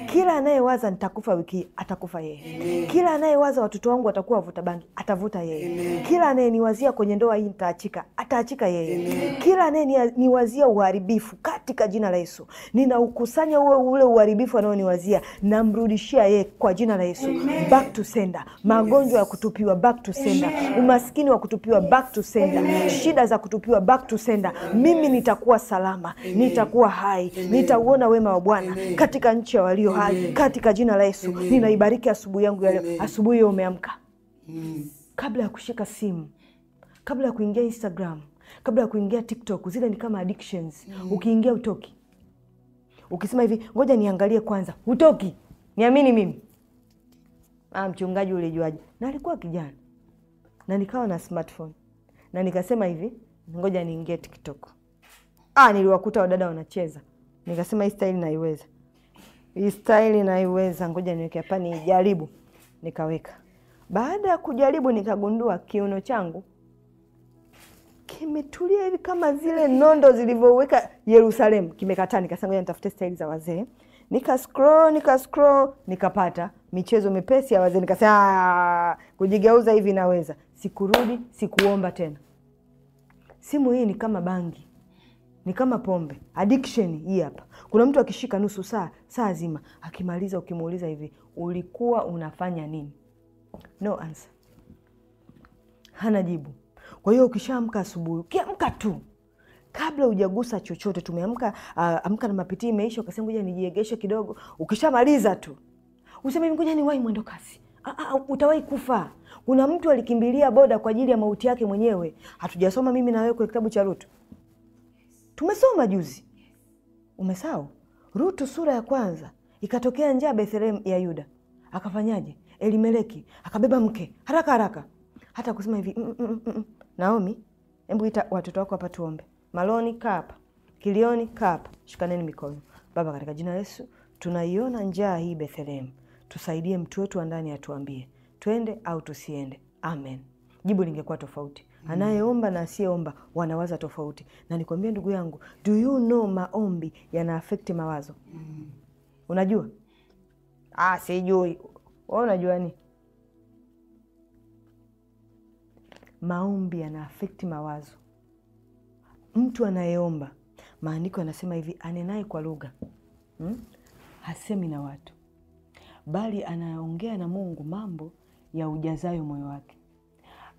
Kila anayewaza nitakufa wiki hii atakufa yeye. Kila anayewaza watoto wangu watakuwa wavuta bangi atavuta yeye. Kila anayeniwazia kwenye ndoa hii nitaachika ataachika yeye. Kila anayeniwazia uharibifu katika jina la Yesu ninaukusanya uwe ule uharibifu anayoniwazia namrudishia yeye kwa jina la Yesu. Amen. Back to sender. Magonjwa ya kutupiwa back to sender. Umaskini wa kutupiwa back to sender. Shida za kutupiwa back to sender. Mimi nitakuwa salama. ni nitakuwa hai, nitauona wema wa Bwana katika nchi ya walio hai, katika jina la Yesu. Ninaibariki asubuhi yangu ya leo. Asubuhi hiyo umeamka, mm. kabla ya kushika simu, kabla ya kuingia Instagram, kabla ya kuingia TikTok, zile ni kama addictions. Mm. Ukiingia utoki, ukisema hivi, ngoja niangalie kwanza, utoki. Niamini mimi. Ah, mchungaji, ulijuaje? Na alikuwa kijana na nikawa na smartphone na nikasema hivi, ngoja niingie TikTok ah, niliwakuta wadada wanacheza, nikasema hii staili naiweza, hii staili naiweza, ngoja niweke hapa nijaribu. Nikaweka. Baada ya kujaribu, nikagundua kiuno changu kimetulia hivi kama zile nondo zilivyoweka Yerusalemu, kimekataa. Nikasema ngoja nitafute staili za wazee, nika scroll nika scroll, nikapata michezo mepesi ya wazee, nikasema ah, kujigeuza hivi naweza. Sikurudi, sikuomba tena. Simu hii ni kama bangi ni kama pombe addiction hii hapa. Kuna mtu akishika nusu saa saa zima, akimaliza ukimuuliza hivi, ulikuwa unafanya nini? No answer, hana jibu. Kwa hiyo ukishaamka asubuhi, ukiamka tu kabla hujagusa chochote, tumeamka uh, amka na mapitii imeisha, ukasema ngoja nijiegeshe kidogo. Ukishamaliza tu useme hivi, ngoja niwahi mwendo kasi. Ah, ah, Utawahi kufa. Kuna mtu alikimbilia boda kwa ajili ya mauti yake mwenyewe. Hatujasoma mimi nawewe wewe kwenye kitabu cha Rutu? tumesoma juzi, umesahau? Rutu sura ya kwanza ikatokea njaa Bethlehem ya Yuda, akafanyaje? Elimeleki akabeba mke haraka haraka, hata kusema hivi mm, mm -mm -mm. Naomi, hebu ita watoto wako hapa tuombe. Maloni kaa hapa, Kilioni kaa hapa, shikaneni mikono. Baba, katika jina Yesu tunaiona njaa hii Bethlehem, tusaidie mtu wetu wa ndani atuambie twende au tusiende. Amen. Jibu lingekuwa tofauti. Mm. Anayeomba na asiyeomba wanawaza tofauti, na nikwambie ndugu yangu, do you know maombi yana affect mawazo. Mm. Unajua ah, sijui wewe unajua ni maombi yana affect mawazo. Mtu anayeomba, maandiko anasema hivi, anenaye kwa lugha hmm? hasemi na watu, bali anaongea na Mungu mambo ya ujazayo moyo wake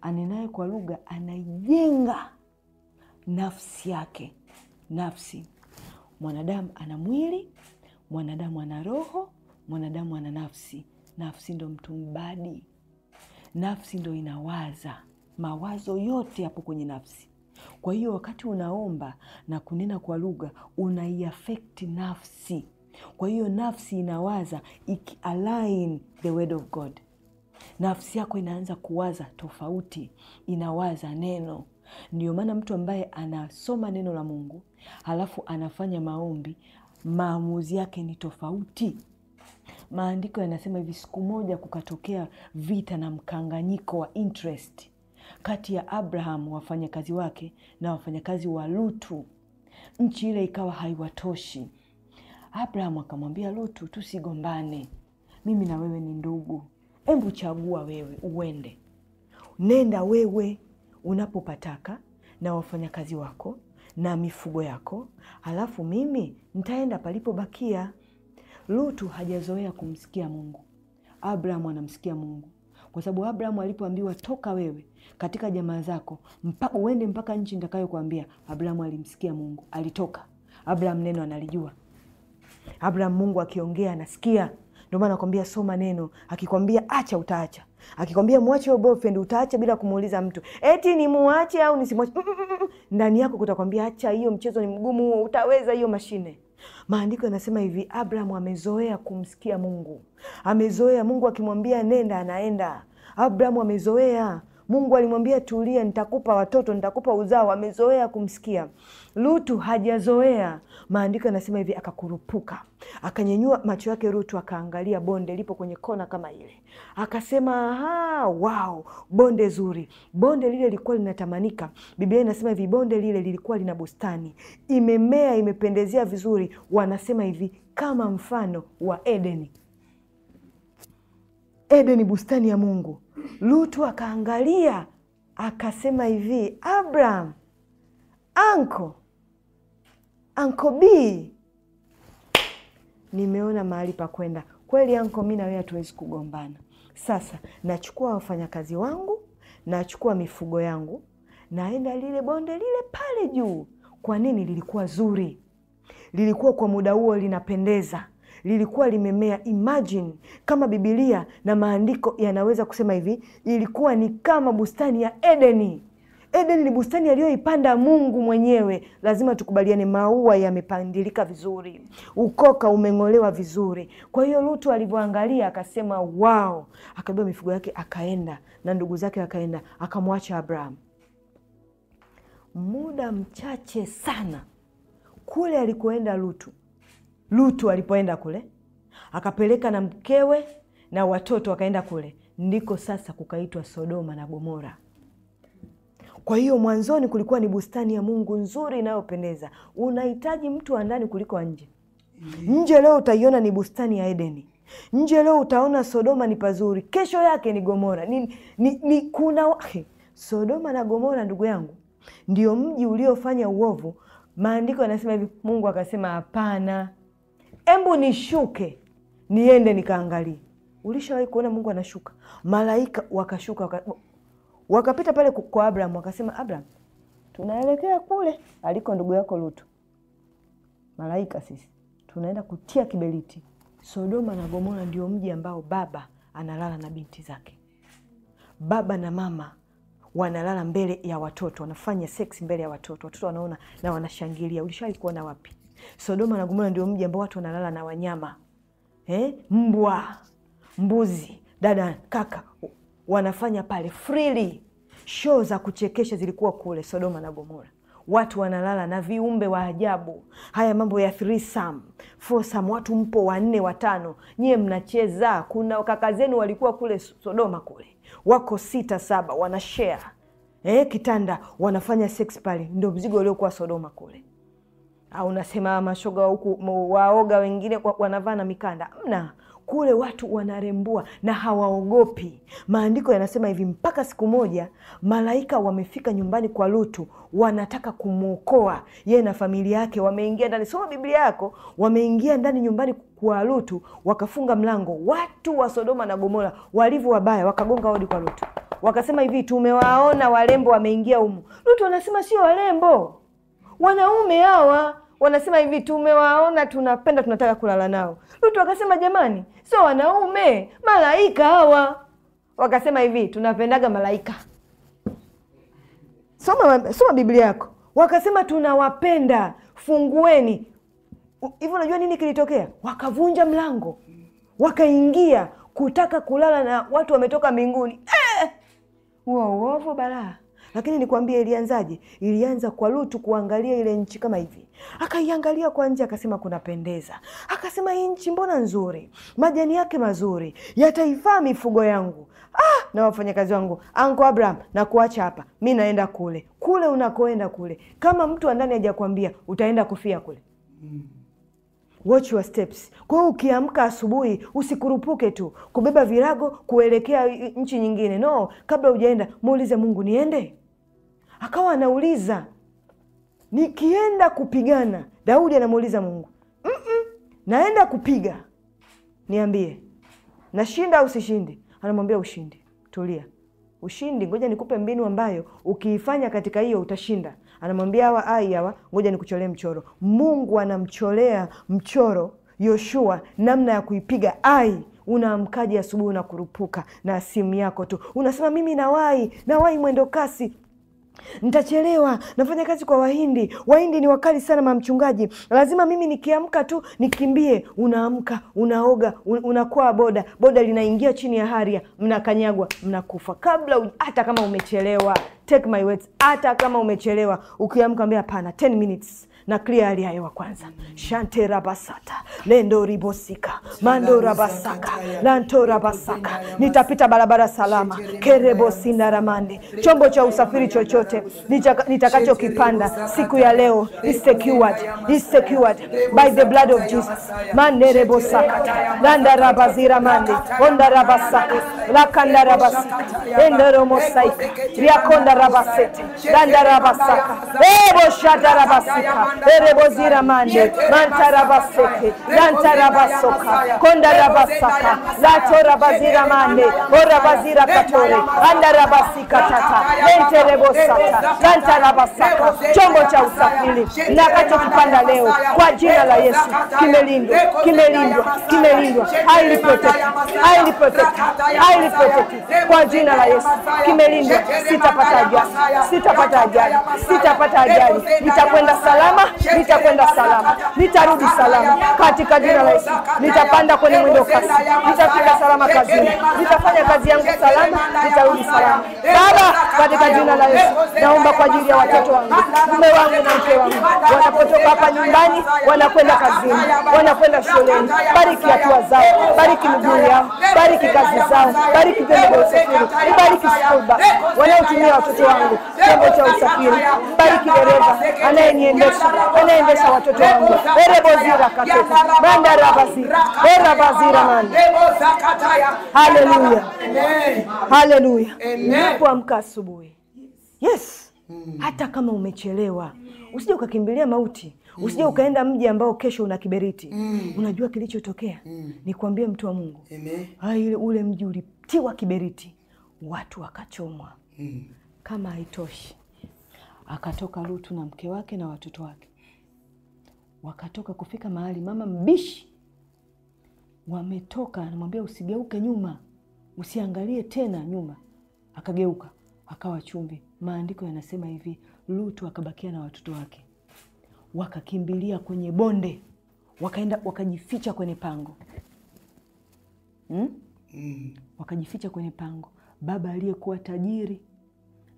anenaye kwa lugha anaijenga nafsi yake. Nafsi, mwanadamu ana mwili, mwanadamu ana roho, mwanadamu ana nafsi. Nafsi ndo mtu mbadi, nafsi ndo inawaza. Mawazo yote yapo kwenye nafsi. Kwa hiyo wakati unaomba na kunena kwa lugha, unaiafekti nafsi. Kwa hiyo nafsi inawaza iki align the word of God nafsi yako inaanza kuwaza tofauti, inawaza neno. Ndio maana mtu ambaye anasoma neno la Mungu halafu anafanya maombi, maamuzi yake ni tofauti. Maandiko yanasema hivi, siku moja kukatokea vita na mkanganyiko wa interest kati ya Abrahamu wafanyakazi wake na wafanyakazi wa Lutu. Nchi ile ikawa haiwatoshi. Abrahamu akamwambia Lutu, tusigombane, mimi na wewe ni ndugu Hebu chagua wewe uende, nenda wewe unapopataka na wafanyakazi wako na mifugo yako, halafu mimi ntaenda palipobakia. Lutu hajazoea kumsikia Mungu. Abrahamu anamsikia Mungu kwa sababu Abrahamu alipoambiwa toka wewe katika jamaa zako mpa, uende mpaka nchi ntakayokuambia Abrahamu alimsikia Mungu, alitoka. Abrahamu neno analijua. Abrahamu Mungu akiongea anasikia. Ndio maana nakwambia soma neno. Akikwambia acha, utaacha. Akikwambia mwache huyo boyfriend, utaacha bila kumuuliza mtu eti ni muache au nisimwache. Mm, mm, mm, Ndani yako kutakwambia acha, hiyo mchezo ni mgumu huo, utaweza hiyo mashine. Maandiko yanasema hivi, Abrahamu amezoea kumsikia Mungu, amezoea Mungu akimwambia nenda, anaenda. Abrahamu amezoea Mungu alimwambia tulia, nitakupa watoto, nitakupa uzao. Amezoea kumsikia. Lutu hajazoea. Maandiko yanasema hivi, akakurupuka, akanyenyua macho yake Lutu akaangalia bonde lipo kwenye kona kama ile, akasema ha, wow, bonde zuri. Bonde lile lilikuwa linatamanika. Biblia inasema hivi, bonde lile lilikuwa lina bustani imemea, imependezea vizuri, wanasema hivi kama mfano wa Edeni. Edeni, bustani ya Mungu. Lutu akaangalia akasema hivi, Abraham anko Anko B nimeona mahali pa kwenda kweli. Anko, mi na wewe hatuwezi kugombana. Sasa nachukua wafanyakazi wangu, nachukua mifugo yangu, naenda lile bonde lile pale juu. Kwa nini? Lilikuwa zuri, lilikuwa kwa muda huo linapendeza, lilikuwa limemea. Imagine kama Bibilia na maandiko yanaweza kusema hivi, ilikuwa ni kama bustani ya Edeni. Edeni ni bustani aliyoipanda Mungu mwenyewe. Lazima tukubaliane, maua yamepandilika vizuri, ukoka umeng'olewa vizuri. Kwa hiyo Lutu alivyoangalia akasema wao, akabeba mifugo yake akaenda na ndugu zake akaenda, akamwacha abraham Muda mchache sana kule alikoenda Lutu, Lutu alipoenda kule akapeleka na mkewe na watoto akaenda kule, ndiko sasa kukaitwa Sodoma na Gomora. Kwa hiyo mwanzoni kulikuwa ni bustani ya Mungu nzuri inayopendeza. Unahitaji mtu wa ndani kuliko nje. Mm-hmm. Nje leo utaiona ni bustani ya Edeni, nje leo utaona Sodoma ni pazuri, kesho yake ni Gomora. Ni, ni, ni kuna Sodoma na Gomora, ndugu yangu, ndio mji uliofanya uovu. Maandiko yanasema hivi, Mungu akasema hapana, embu nishuke niende nikaangalie. Ulishawahi kuona Mungu anashuka? Malaika wakashuka Wakapita pale kwa Abraham wakasema, Abraham, tunaelekea kule aliko ndugu yako Lutu, malaika sisi, tunaenda kutia kiberiti. Sodoma na Gomora ndio mji ambao baba analala na binti zake, baba na mama wanalala mbele ya watoto, wanafanya sex mbele ya watoto, watoto wanaona na wanashangilia. Ulishawahi kuona wapi? Sodoma na Gomora ndio mji ambao watu wanalala na wanyama eh, mbwa, mbuzi, dada, kaka wanafanya pale frili Show za kuchekesha zilikuwa kule Sodoma na Gomora, watu wanalala na viumbe wa ajabu. Haya mambo ya threesome, foursome, watu mpo wanne watano, nyie mnacheza. Kuna kaka zenu walikuwa kule Sodoma kule, wako sita saba, wanashea eh, kitanda, wanafanya sex pale. Ndo mzigo uliokuwa Sodoma kule. Au ah, unasema mashoga huku waoga wengine wanavaa na mikanda mna kule watu wanarembua na hawaogopi. Maandiko yanasema hivi, mpaka siku moja malaika wamefika nyumbani kwa Lutu, wanataka kumwokoa yeye na familia yake. Wameingia ndani, soma Biblia yako, wameingia ndani nyumbani kwa Lutu, wakafunga mlango. Watu wa Sodoma na Gomora walivyo wabaya, wakagonga hodi kwa Lutu, wakasema hivi, tumewaona warembo wameingia humu. Lutu anasema sio warembo, wanaume hawa wanasema hivi tumewaona, tunapenda, tunataka kulala nao. Lutu akasema jamani, sio wanaume, malaika hawa. Wakasema hivi, tunapendaga malaika. Soma, soma Biblia yako. Wakasema tunawapenda, fungueni. Hivyo unajua nini kilitokea? Wakavunja mlango, wakaingia kutaka kulala na watu wametoka mbinguni. Huo eh! uovu balaa lakini nikwambie ilianzaje? Ilianza kwa Lutu kuangalia ile nchi kama hivi, akaiangalia kwa nje, akasema kunapendeza, akasema hii nchi mbona nzuri, majani yake mazuri, yataifaa mifugo yangu ah, na wafanyakazi wangu. Anko Abraham, nakuacha hapa, mi naenda kule kule. Unakoenda kule, kama mtu wa ndani hajakwambia, utaenda kufia kule. Watch your steps. Kwa hiyo ukiamka asubuhi usikurupuke tu kubeba virago kuelekea nchi nyingine. No, kabla ujaenda muulize Mungu, niende akawa anauliza nikienda kupigana, Daudi anamuuliza Mungu, mm -mm, naenda kupiga, niambie nashinda au sishindi? Anamwambia ushindi. Tulia, ushindi, ngoja nikupe mbinu ambayo ukiifanya katika hiyo utashinda. Anamwambia hawa ai, hawa, ngoja nikucholee mchoro. Mungu anamcholea mchoro Yoshua namna ya kuipiga ai. unaamkaji asubuhi, unakurupuka na simu yako tu, unasema mimi nawai nawai mwendo kasi Nitachelewa, nafanya kazi kwa Wahindi. Wahindi ni wakali sana, mamchungaji. Lazima mimi nikiamka tu nikimbie. Unaamka, unaoga, unakoa boda boda, linaingia chini ya haria, mnakanyagwa, mnakufa kabla, hata kama umechelewa. Take my words, hata kama umechelewa, ukiamka ambia hapana, 10 minutes na clear hali ya hewa kwanza. shante rabasata lendo ribosika mando rabasaka lanto rabasaka, nitapita barabara salama kerebosina ramande. Chombo cha usafiri chochote nitakachokipanda siku ya leo is secured, is secured by the blood of Jesus. mande rebosakata landa rabazira mande onda rabasaka lakanda rabasaka endo romosaika riakonda rabasete landa rabasaka ebo shata rabasika erebozira mande mantarabaseke yantarabasoka kondarabasaka latorabazira mande orabazira katore andarabasikatata lenterebosata lantarabasaka chombo cha usafiri nakacho nakachokipanda leo kwa jina la Yesu kimelindwa kimelindwa kimelindwa highly protected highly protected highly protected kwa jina la Yesu kimelindwa sitapata ajali sitapata ajali sitapata ajali nitakwenda salama salama, nitakwenda salama, nitarudi salama katika jina la Yesu. Nitapanda kwenye mwendo kasi, nitafika salama kazini, nitafanya kazi yangu salama, nitarudi salama. Baba, katika jina la Yesu naomba kwa ajili ya watoto wangu, mume wangu na mke wangu, wanapotoka hapa nyumbani, wanakwenda kazini, wanakwenda shuleni, bariki hatua zao, bariki miguu yao, bariki kazi zao, bariki vyombo vya usafiri, bariki skulba wanaotumia watoto wangu, chombo cha usafiri, bariki dereva anayeniendesha unaendesha watoto wangu erebozira kateka mandarabazira erabazira manda. Haleluya, haleluya. Unapoamka asubuhi, yes, hmm. hata kama umechelewa, usije ukakimbilia mauti usije hmm. ukaenda mji ambao kesho una kiberiti mm. Unajua kilichotokea mm. Nikwambie mtu wa Mungu Amen. Ule mji ulitiwa kiberiti, watu wakachomwa mm. Kama haitoshi Akatoka Lutu na mke wake na watoto wake, wakatoka kufika mahali mama mbishi, wametoka anamwambia usigeuke nyuma, usiangalie tena nyuma. Akageuka akawa chumvi. Maandiko yanasema hivi, Lutu akabakia na watoto wake, wakakimbilia kwenye bonde, wakaenda wakajificha kwenye pango hmm? Mm. Wakajificha kwenye pango. Baba aliyekuwa tajiri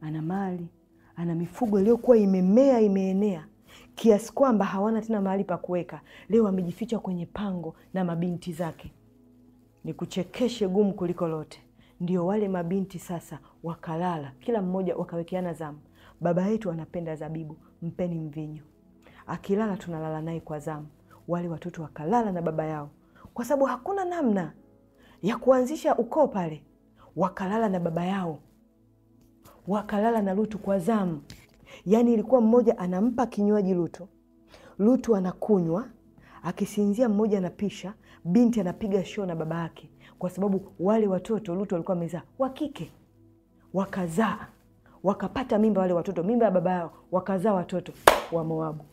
ana mali ana mifugo iliyokuwa imemea imeenea kiasi kwamba hawana tena mahali pa kuweka. Leo amejificha kwenye pango na mabinti zake. Ni kuchekeshe gumu kuliko lote, ndio wale mabinti sasa wakalala, kila mmoja wakawekeana zamu. Baba yetu anapenda zabibu, mpeni mvinyo. Akilala tunalala naye kwa zamu. Wale watoto wakalala na baba yao, kwa sababu hakuna namna ya kuanzisha ukoo pale, wakalala na baba yao wakalala na Lutu kwa zamu. Yaani ilikuwa mmoja anampa kinywaji Lutu, Lutu anakunywa akisinzia, mmoja anapisha, binti anapiga shoo na baba yake, kwa sababu wale watoto Lutu walikuwa wamezaa wa kike, wakazaa wakapata mimba, wale watoto mimba ya baba yao, wakazaa watoto wa Moabu.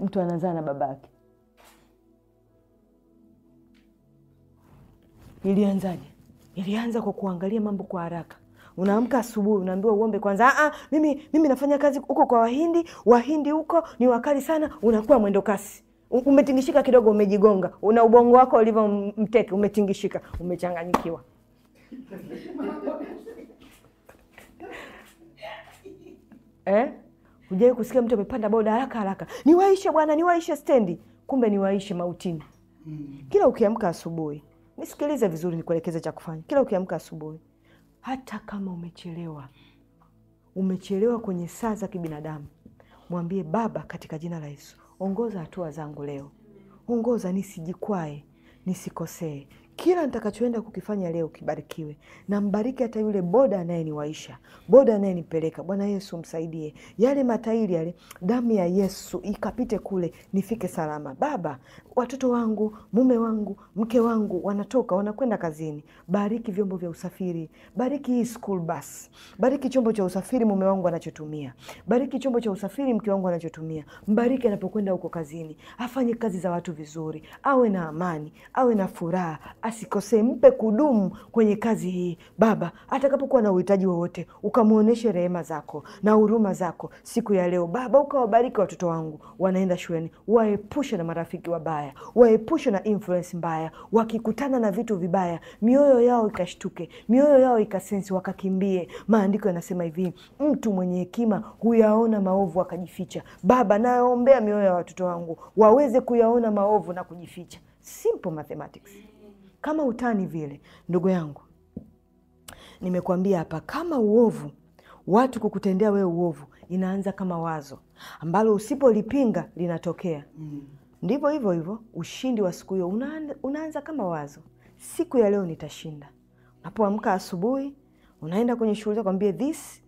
Mtu anazaa na babake Ilianzaje? Ilianza kwa kuangalia mambo kwa haraka. Unaamka asubuhi, unaambiwa uombe kwanza. Aa, ah, ah, mimi mimi nafanya kazi huko kwa Wahindi, Wahindi huko ni wakali sana. Unakuwa mwendo kasi, umetingishika kidogo, umejigonga, una ubongo wako ulivyo mteke, umetingishika, umechanganyikiwa eh? kusikia mtu amepanda boda haraka haraka, niwaishe bwana, niwaishe stendi, kumbe niwaishe mautini. Mm. Kila ukiamka asubuhi nisikilize vizuri, nikuelekeze cha kufanya. Kila ukiamka asubuhi, hata kama umechelewa, umechelewa kwenye saa za kibinadamu, mwambie Baba, katika jina la Yesu, ongoza hatua zangu leo, ongoza nisijikwae, nisikosee kila nitakachoenda kukifanya leo kibarikiwe, na mbariki hata yule boda anayeniwaisha, boda anayenipeleka. Bwana Yesu msaidie, yale matairi yale, damu ya Yesu ikapite kule, nifike salama. Baba, watoto wangu, mume wangu, mke wangu wanatoka wanakwenda kazini, bariki vyombo vya usafiri, bariki hii school bus, bariki chombo cha usafiri mume wangu anachotumia, bariki chombo cha usafiri mke wangu anachotumia, mbariki anapokwenda huko kazini, afanye kazi za watu vizuri, awe na amani, awe na furaha asikose mpe kudumu kwenye kazi hii. Baba, atakapokuwa na uhitaji wowote, ukamwonyeshe rehema zako na huruma zako siku ya leo. Baba, ukawabariki watoto wangu wanaenda shuleni, waepushe na marafiki wabaya, waepushe na influence mbaya. Wakikutana na vitu vibaya, mioyo yao ikashtuke, mioyo yao ikasensi, wakakimbie. Maandiko yanasema hivi, mtu mwenye hekima huyaona maovu akajificha. Baba, nayombea mioyo ya watoto wangu waweze kuyaona maovu na kujificha. Simple mathematics kama utani vile. Ndugu yangu, nimekuambia hapa, kama uovu watu kukutendea wewe uovu inaanza kama wazo ambalo usipolipinga linatokea mm. Ndivyo hivyo hivyo, ushindi wa siku hiyo unaanza kama wazo, siku ya leo nitashinda. Unapoamka asubuhi, unaenda kwenye shughuli zako, kwambie this,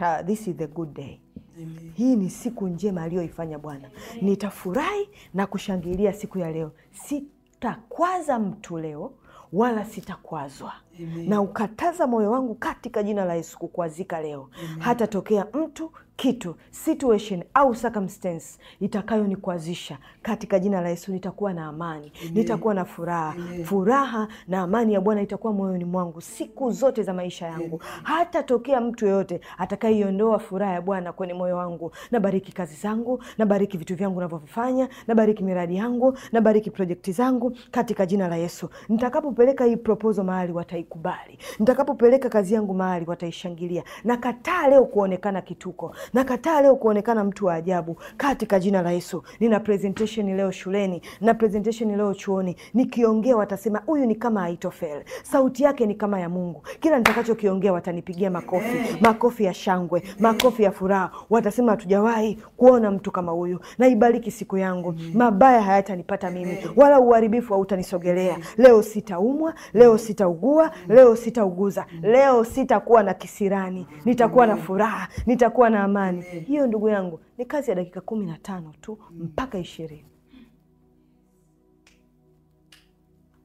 uh, this is the good day Amen. Hii ni siku njema aliyoifanya Bwana, nitafurahi na kushangilia siku ya leo si takwaza mtu leo wala sitakwazwa. Na ukataza moyo wangu katika jina la Yesu kukuazika leo. Amen. Hata tokea mtu kitu situation au circumstance itakayonikwazisha katika jina la Yesu, nitakuwa na amani Amen. Nitakuwa na furaha Amen. Furaha na amani ya Bwana itakuwa moyoni mwangu siku zote za maisha yangu Amen. Hata tokea mtu yoyote atakayeiondoa furaha ya Bwana kwenye moyo wangu, nabariki kazi zangu, nabariki vitu vyangu navyovifanya, nabariki miradi yangu, nabariki projekti zangu katika jina la Yesu. Nitakapopeleka hii proposal mahali watai wataikubali. Nitakapopeleka kazi yangu mahali wataishangilia. Nakataa leo kuonekana kituko, nakataa leo kuonekana mtu wa ajabu katika jina la Yesu. Nina presentation leo shuleni na presentation leo chuoni, nikiongea watasema huyu ni kama Aitofel, sauti yake ni kama ya Mungu. Kila nitakachokiongea watanipigia makofi, makofi ya shangwe, makofi ya furaha, watasema hatujawahi kuona mtu kama huyu. Naibariki siku yangu, mabaya hayatanipata mimi, wala uharibifu hautanisogelea. Leo sitaumwa, leo sitaugua, Mm. leo sitauguza, mm. leo sitakuwa na kisirani, mm. nitakuwa na furaha, nitakuwa na amani. Hiyo ndugu yangu ni kazi ya dakika kumi na tano tu mpaka ishirini.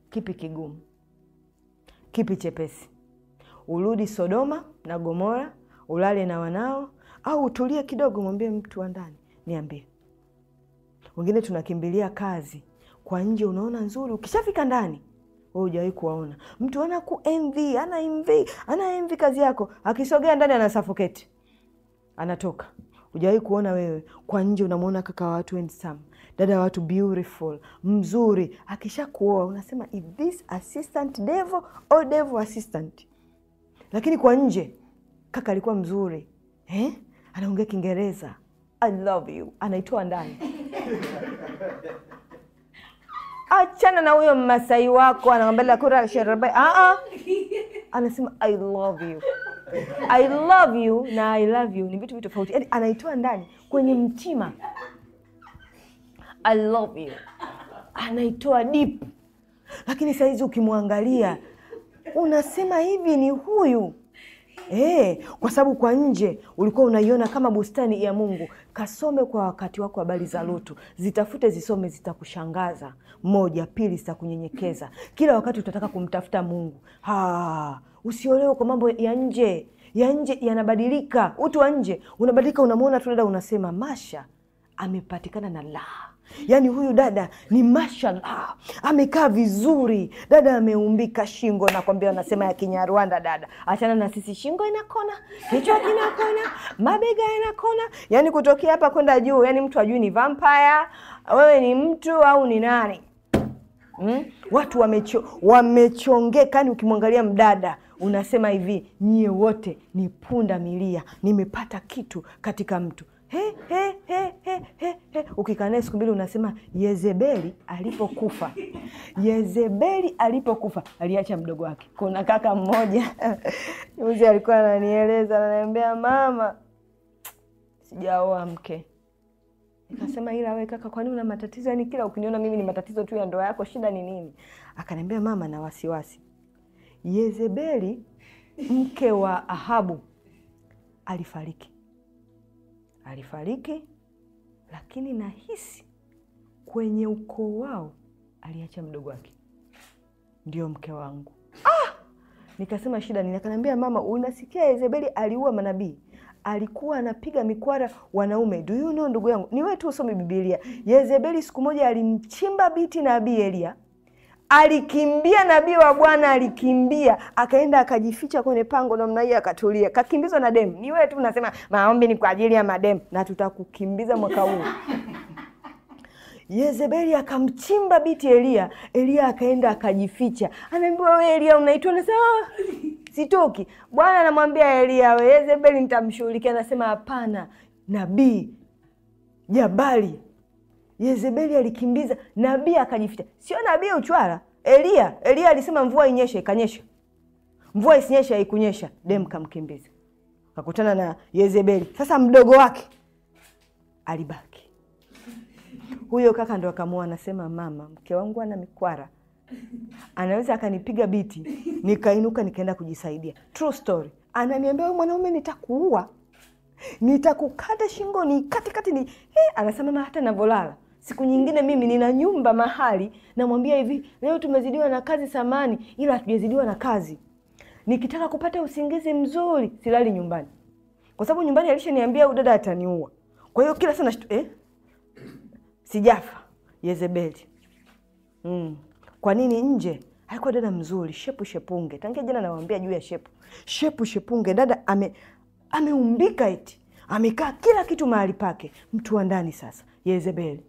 Kipi kigumu? Kipi chepesi? Urudi Sodoma na Gomora, ulale na wanao, au utulie kidogo, mwambie mtu wa ndani, niambie. Wengine tunakimbilia kazi kwa nje, unaona nzuri, ukishafika ndani ujawai hujawahi kuwaona. Mtu ana ku ana mv ana mv kazi yako, akisogea ndani ana safoketi anatoka. Hujawahi kuona wewe, kwa nje unamwona kaka watu handsome, dada watu beautiful, mzuri. Akishakuoa unasema is this assistant devil or devil assistant? Lakini kwa nje kaka alikuwa mzuri eh? Anaongea Kiingereza, I love you, anaitoa ndani achana na huyo mmasai wako anakwambia lakura ah, ah. anasema i love you i love you na i love you ni vitu tofauti yani anaitoa ndani kwenye mtima i love you anaitoa deep lakini sahizi ukimwangalia unasema hivi ni huyu Eh, kwa sababu kwa nje ulikuwa unaiona kama bustani ya Mungu. Kasome kwa wakati wako habari za Lutu, zitafute, zisome, zitakushangaza. Moja, pili, zitakunyenyekeza. Kila wakati utataka kumtafuta Mungu. Ha, usiolewe kwa mambo ya nje. Ya nje yanabadilika, utu wa nje unabadilika, unamwona tu dada, unasema Masha amepatikana na laha Yaani huyu dada ni mashallah, amekaa vizuri, dada ameumbika shingo, nakwambia, anasema ya Kinyarwanda. Dada achana na sisi, shingo inakona, kichwa kinakona, mabega yanakona, yaani kutokea hapa kwenda juu, yaani mtu ajui ni vampire, wewe ni mtu au ni nani? Hmm? Watu wamecho, wamechongeka. Yani ukimwangalia mdada unasema hivi, nyie wote ni punda milia, nimepata kitu katika mtu he, Ukikaa naye siku mbili unasema Yezebeli alipokufa, Yezebeli alipokufa aliacha mdogo wake. Kuna kaka mmoja juzi alikuwa ananieleza, ananiambia mama, sijaoa mke Nikasema ila we kaka, kwani una matatizo? Yani kila ukiniona mimi ni matatizo tu ya ndoa yako, shida ni nini? Akaniambia mama, na wasiwasi. Yezebeli mke wa Ahabu alifariki, alifariki, lakini nahisi kwenye ukoo wao aliacha mdogo wake, ndio mke wangu. Ah! Nikasema shida nini? Akaniambia, mama, unasikia Yezebeli aliua manabii alikuwa anapiga mikwara wanaume. Do you know, ndugu yangu, ni wewe tu usome Biblia. Yezebeli siku moja alimchimba biti nabii Elia ah alikimbia nabii wa Bwana alikimbia akaenda akajificha kwenye pango namna hiyo, akatulia, kakimbizwa na demu. Ni wewe tu unasema maombi ni kwa ajili ya mademu, na tutakukimbiza mwaka huu. Yezebeli akamchimba biti Elia, Elia akaenda akajificha, anaambiwa we Elia unaitwa, anasema ah, sitoki. Bwana anamwambia Elia, we Yezebeli nitamshughulikia. Anasema hapana, nabii jabali Yezebeli alikimbiza nabii akajificha, sio nabii uchwara. Elia, Elia alisema mvua inyeshe, ikanyesha. Mvua isinyeshe, haikunyesha. Demu kamkimbiza, kakutana na Yezebeli. Sasa mdogo wake alibaki huyo kaka, ndo akamwoa. Anasema mama, mke wangu ana mikwara, anaweza akanipiga biti nikainuka nikaenda kujisaidia. True story. Ananiambia wewe mwanaume nitakuua, nitakukata shingo, ni katikati ni eh. Anasema mama, hata navyolala siku nyingine mimi nina nyumba mahali, namwambia hivi, leo tumezidiwa na kazi samani, ila hatujazidiwa na kazi. Nikitaka kupata usingizi mzuri silali nyumbani, kwa sababu nyumbani alishaniambia huyu dada ataniua. Kwa hiyo kila sana shitu, eh, sijafa Yezebeli. Mm. Kwa nini nje? alikuwa dada mzuri, shepu shepunge. Tangia jana nawaambia juu ya shepu. Shepu shepunge, dada ame ameumbika eti. Amekaa kila kitu mahali pake. Mtu wa ndani sasa, Yezebeli.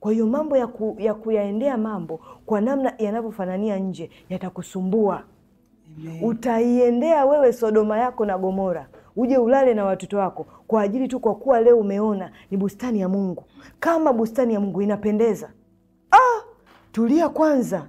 Kwa hiyo mambo ya, ku, ya kuyaendea mambo kwa namna yanavyofanania nje yatakusumbua. Utaiendea wewe Sodoma yako na Gomora, uje ulale na watoto wako kwa ajili tu kwa kuwa leo umeona ni bustani ya Mungu. Kama bustani ya Mungu inapendeza, ah, tulia kwanza.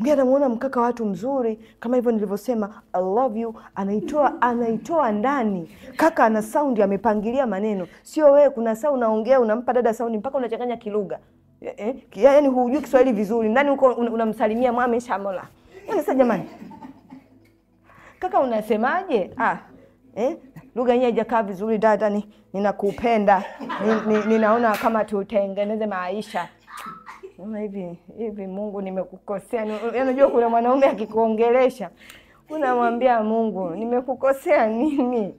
Mgeni anamuona mkaka watu mzuri kama hivyo nilivyosema, I love you, anaitoa anaitoa ndani. Kaka ana saundi, amepangilia maneno, sio wewe. Kuna saa unaongea unampa dada saundi mpaka unachanganya kilugha eh, eh, yani hujui Kiswahili vizuri, ndani huko unamsalimia mwame shamola. Sasa jamani, kaka unasemaje? ah, eh, lugha yenyewe haijakaa vizuri dada, ni ninakupenda, ni, ni, ninaona kama tutengeneze maisha hivi hivi, Mungu nimekukosea. Unajua kuna mwanaume akikuongelesha unamwambia Mungu nimekukosea nini?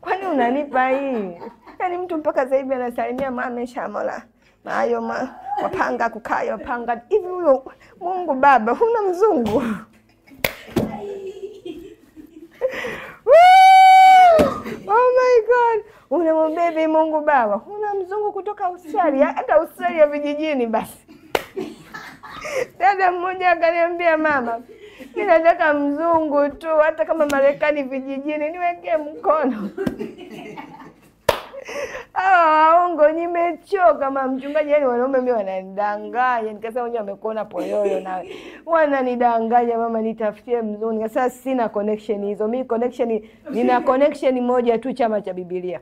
Kwani unanipa hii? Yaani mtu mpaka zaidi anasalimia mame shamola mayo ma wapanga kukayo panga hivi. Huyo Mungu Baba huna mzungu Oh my God, unamwambia hivi Mungu Baba huna mzungu kutoka Australia, hata Australia vijijini basi Dada mmoja akaniambia, mama, mi nataka mzungu tu, hata kama Marekani vijijini, niwekee mkono hawa waongo, nimechoka mama mchungaji. Yani wanaume mi wananidanganya. Nikasema wenyewe wamekuona poyoyo nawe, wananidanganya mama, nitafutie mzungu. Nikasema sina connection hizo mi, connection nina connection moja tu, chama cha Bibilia.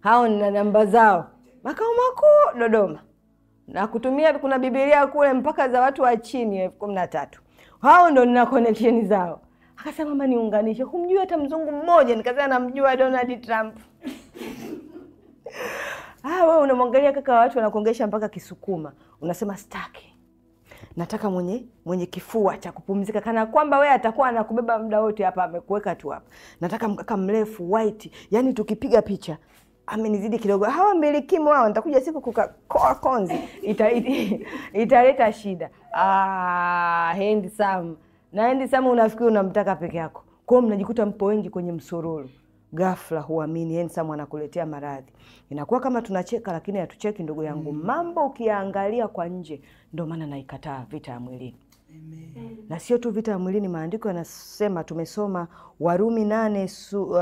Hao nina namba zao, makao makuu Dodoma na kutumia kuna Biblia kule mpaka za watu wa chini elfu kumi na tatu. Hao ndo nina connection zao. Akasema mama, niunganishe, humjui hata mzungu mmoja. Nikasema namjua Donald Trump. Ah, wewe unamwangalia kaka, watu wanakuongesha mpaka Kisukuma, unasema staki, nataka mwenye mwenye kifua cha kupumzika, kana kwamba wewe atakuwa anakubeba muda wote hapa, amekuweka tu hapa. Nataka mkaka mrefu white, yani tukipiga picha amenizidi kidogo, hawa milikimu wao, nitakuja siku kukakoa konzi, italeta ita, shida. Ah, Sam na Hendi Sam, unafikiri unamtaka peke yako, kwa hiyo mnajikuta mpo wengi kwenye msororo Ghafla huamini Hendi Sam anakuletea maradhi, inakuwa kama tunacheka lakini hatucheki ndugu yangu. Mm. Mambo ukiangalia kwa nje, ndio maana naikataa vita ya mwilini. Amen. Na sio tu vita ya mwilini, maandiko yanasema tumesoma Warumi nane su, uh,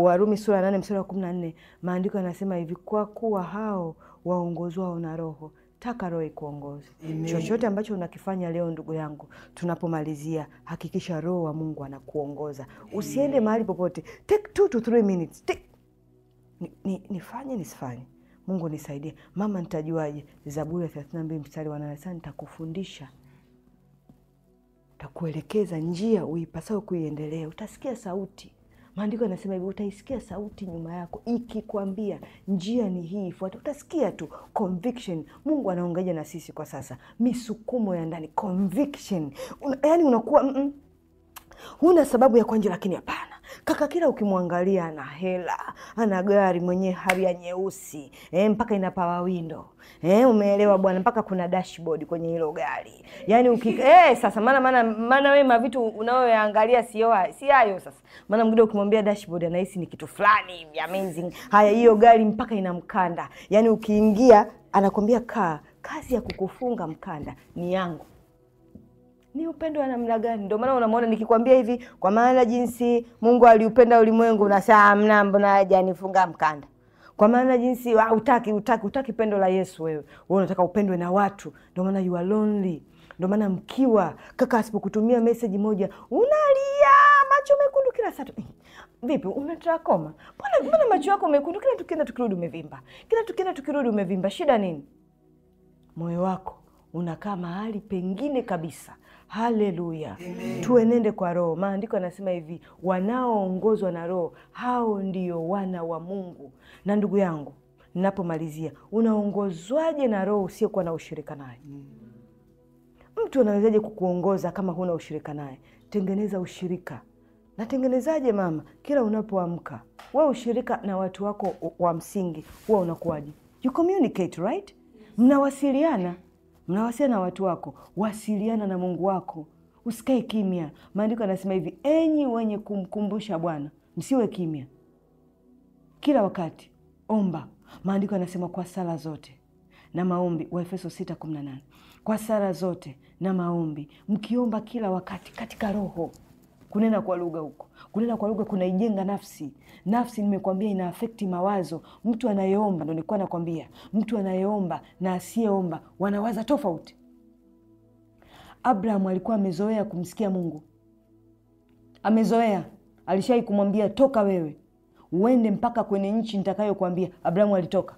Warumi sura ya nane mstari wa kumi na nne maandiko yanasema hivi, kwa kuwa hao waongozwao na Roho taka Roho ikuongoze. Chochote ambacho unakifanya leo, ndugu yangu, tunapomalizia, hakikisha Roho wa Mungu anakuongoza. Usiende mahali popote, take two to three minutes, take ni, nifanye nisifanye Mungu nisaidie. Mama, nitajuaje? Zaburi ya 32 mstari wa nane sana nitakufundisha takuelekeza njia uipasayo kuiendelea, utasikia sauti Maandiko yanasema hivi utaisikia sauti nyuma yako ikikwambia njia ni hii, ifuata Utasikia tu conviction. Mungu anaongeja na sisi kwa sasa, misukumo ya ndani, conviction. Una, yani unakuwa mm huna sababu ya kwa nje, lakini hapana Kaka kila ukimwangalia ana hela, ana gari hali haria nyeusi e, mpaka ina power window eh, umeelewa bwana, mpaka kuna dashboard kwenye hilo gari yani uki, eh, sasa maana maana maana wewe mavitu unayoyaangalia sio si hayo sasa, maana mgida ukimwambia dashboard anahisi ni kitu fulani hivi amazing. Haya, hiyo gari mpaka ina mkanda yani ukiingia anakwambia kaa, kazi ya kukufunga mkanda ni yangu ni upendo wa namna gani? Ndio maana unamwona nikikwambia hivi, kwa maana jinsi Mungu aliupenda ulimwengu, na saa mna mbona hajanifunga mkanda kwa maana jinsi wa, utaki utaki utaki pendo la Yesu. Wewe wewe unataka upendwe na watu, ndio maana you are lonely. Ndio maana mkiwa kaka asipokutumia message moja unalia, macho mekundu kila saa. Eh, vipi, unatrakoma? Mbona mbona macho yako mekundu kila tukienda tukirudi umevimba, kila tukienda tukirudi umevimba, shida nini? Moyo wako unakaa mahali pengine kabisa, Haleluya, tuenende kwa Roho. Maandiko yanasema hivi, wanaoongozwa na Roho hao ndio wana wa Mungu. Na ndugu yangu, ninapomalizia, unaongozwaje na Roho usiokuwa na ushirika naye? Hmm. Mtu anawezaje kukuongoza kama huna ushirika naye? Tengeneza ushirika. Natengenezaje mama? Kila unapoamka we ushirika na watu wako wa msingi huwa unakuwaje? You communicate right, mnawasiliana unawasiliana na watu wako, wasiliana na Mungu wako, usikae kimya. Maandiko yanasema hivi, enyi wenye kumkumbusha Bwana msiwe kimya, kila wakati omba. Maandiko yanasema kwa sala zote na maombi, Waefeso 6:18 kwa sala zote na maombi mkiomba kila wakati katika Roho kunena kwa lugha huko, kunena kwa lugha kunaijenga nafsi. Nafsi nimekwambia ina afekti mawazo. Mtu anayeomba, ndo nilikuwa nakwambia, mtu anayeomba na asiyeomba wanawaza tofauti. Abrahamu alikuwa amezoea kumsikia Mungu, amezoea alishai kumwambia toka wewe uende mpaka kwenye nchi ntakayokwambia Abrahamu alitoka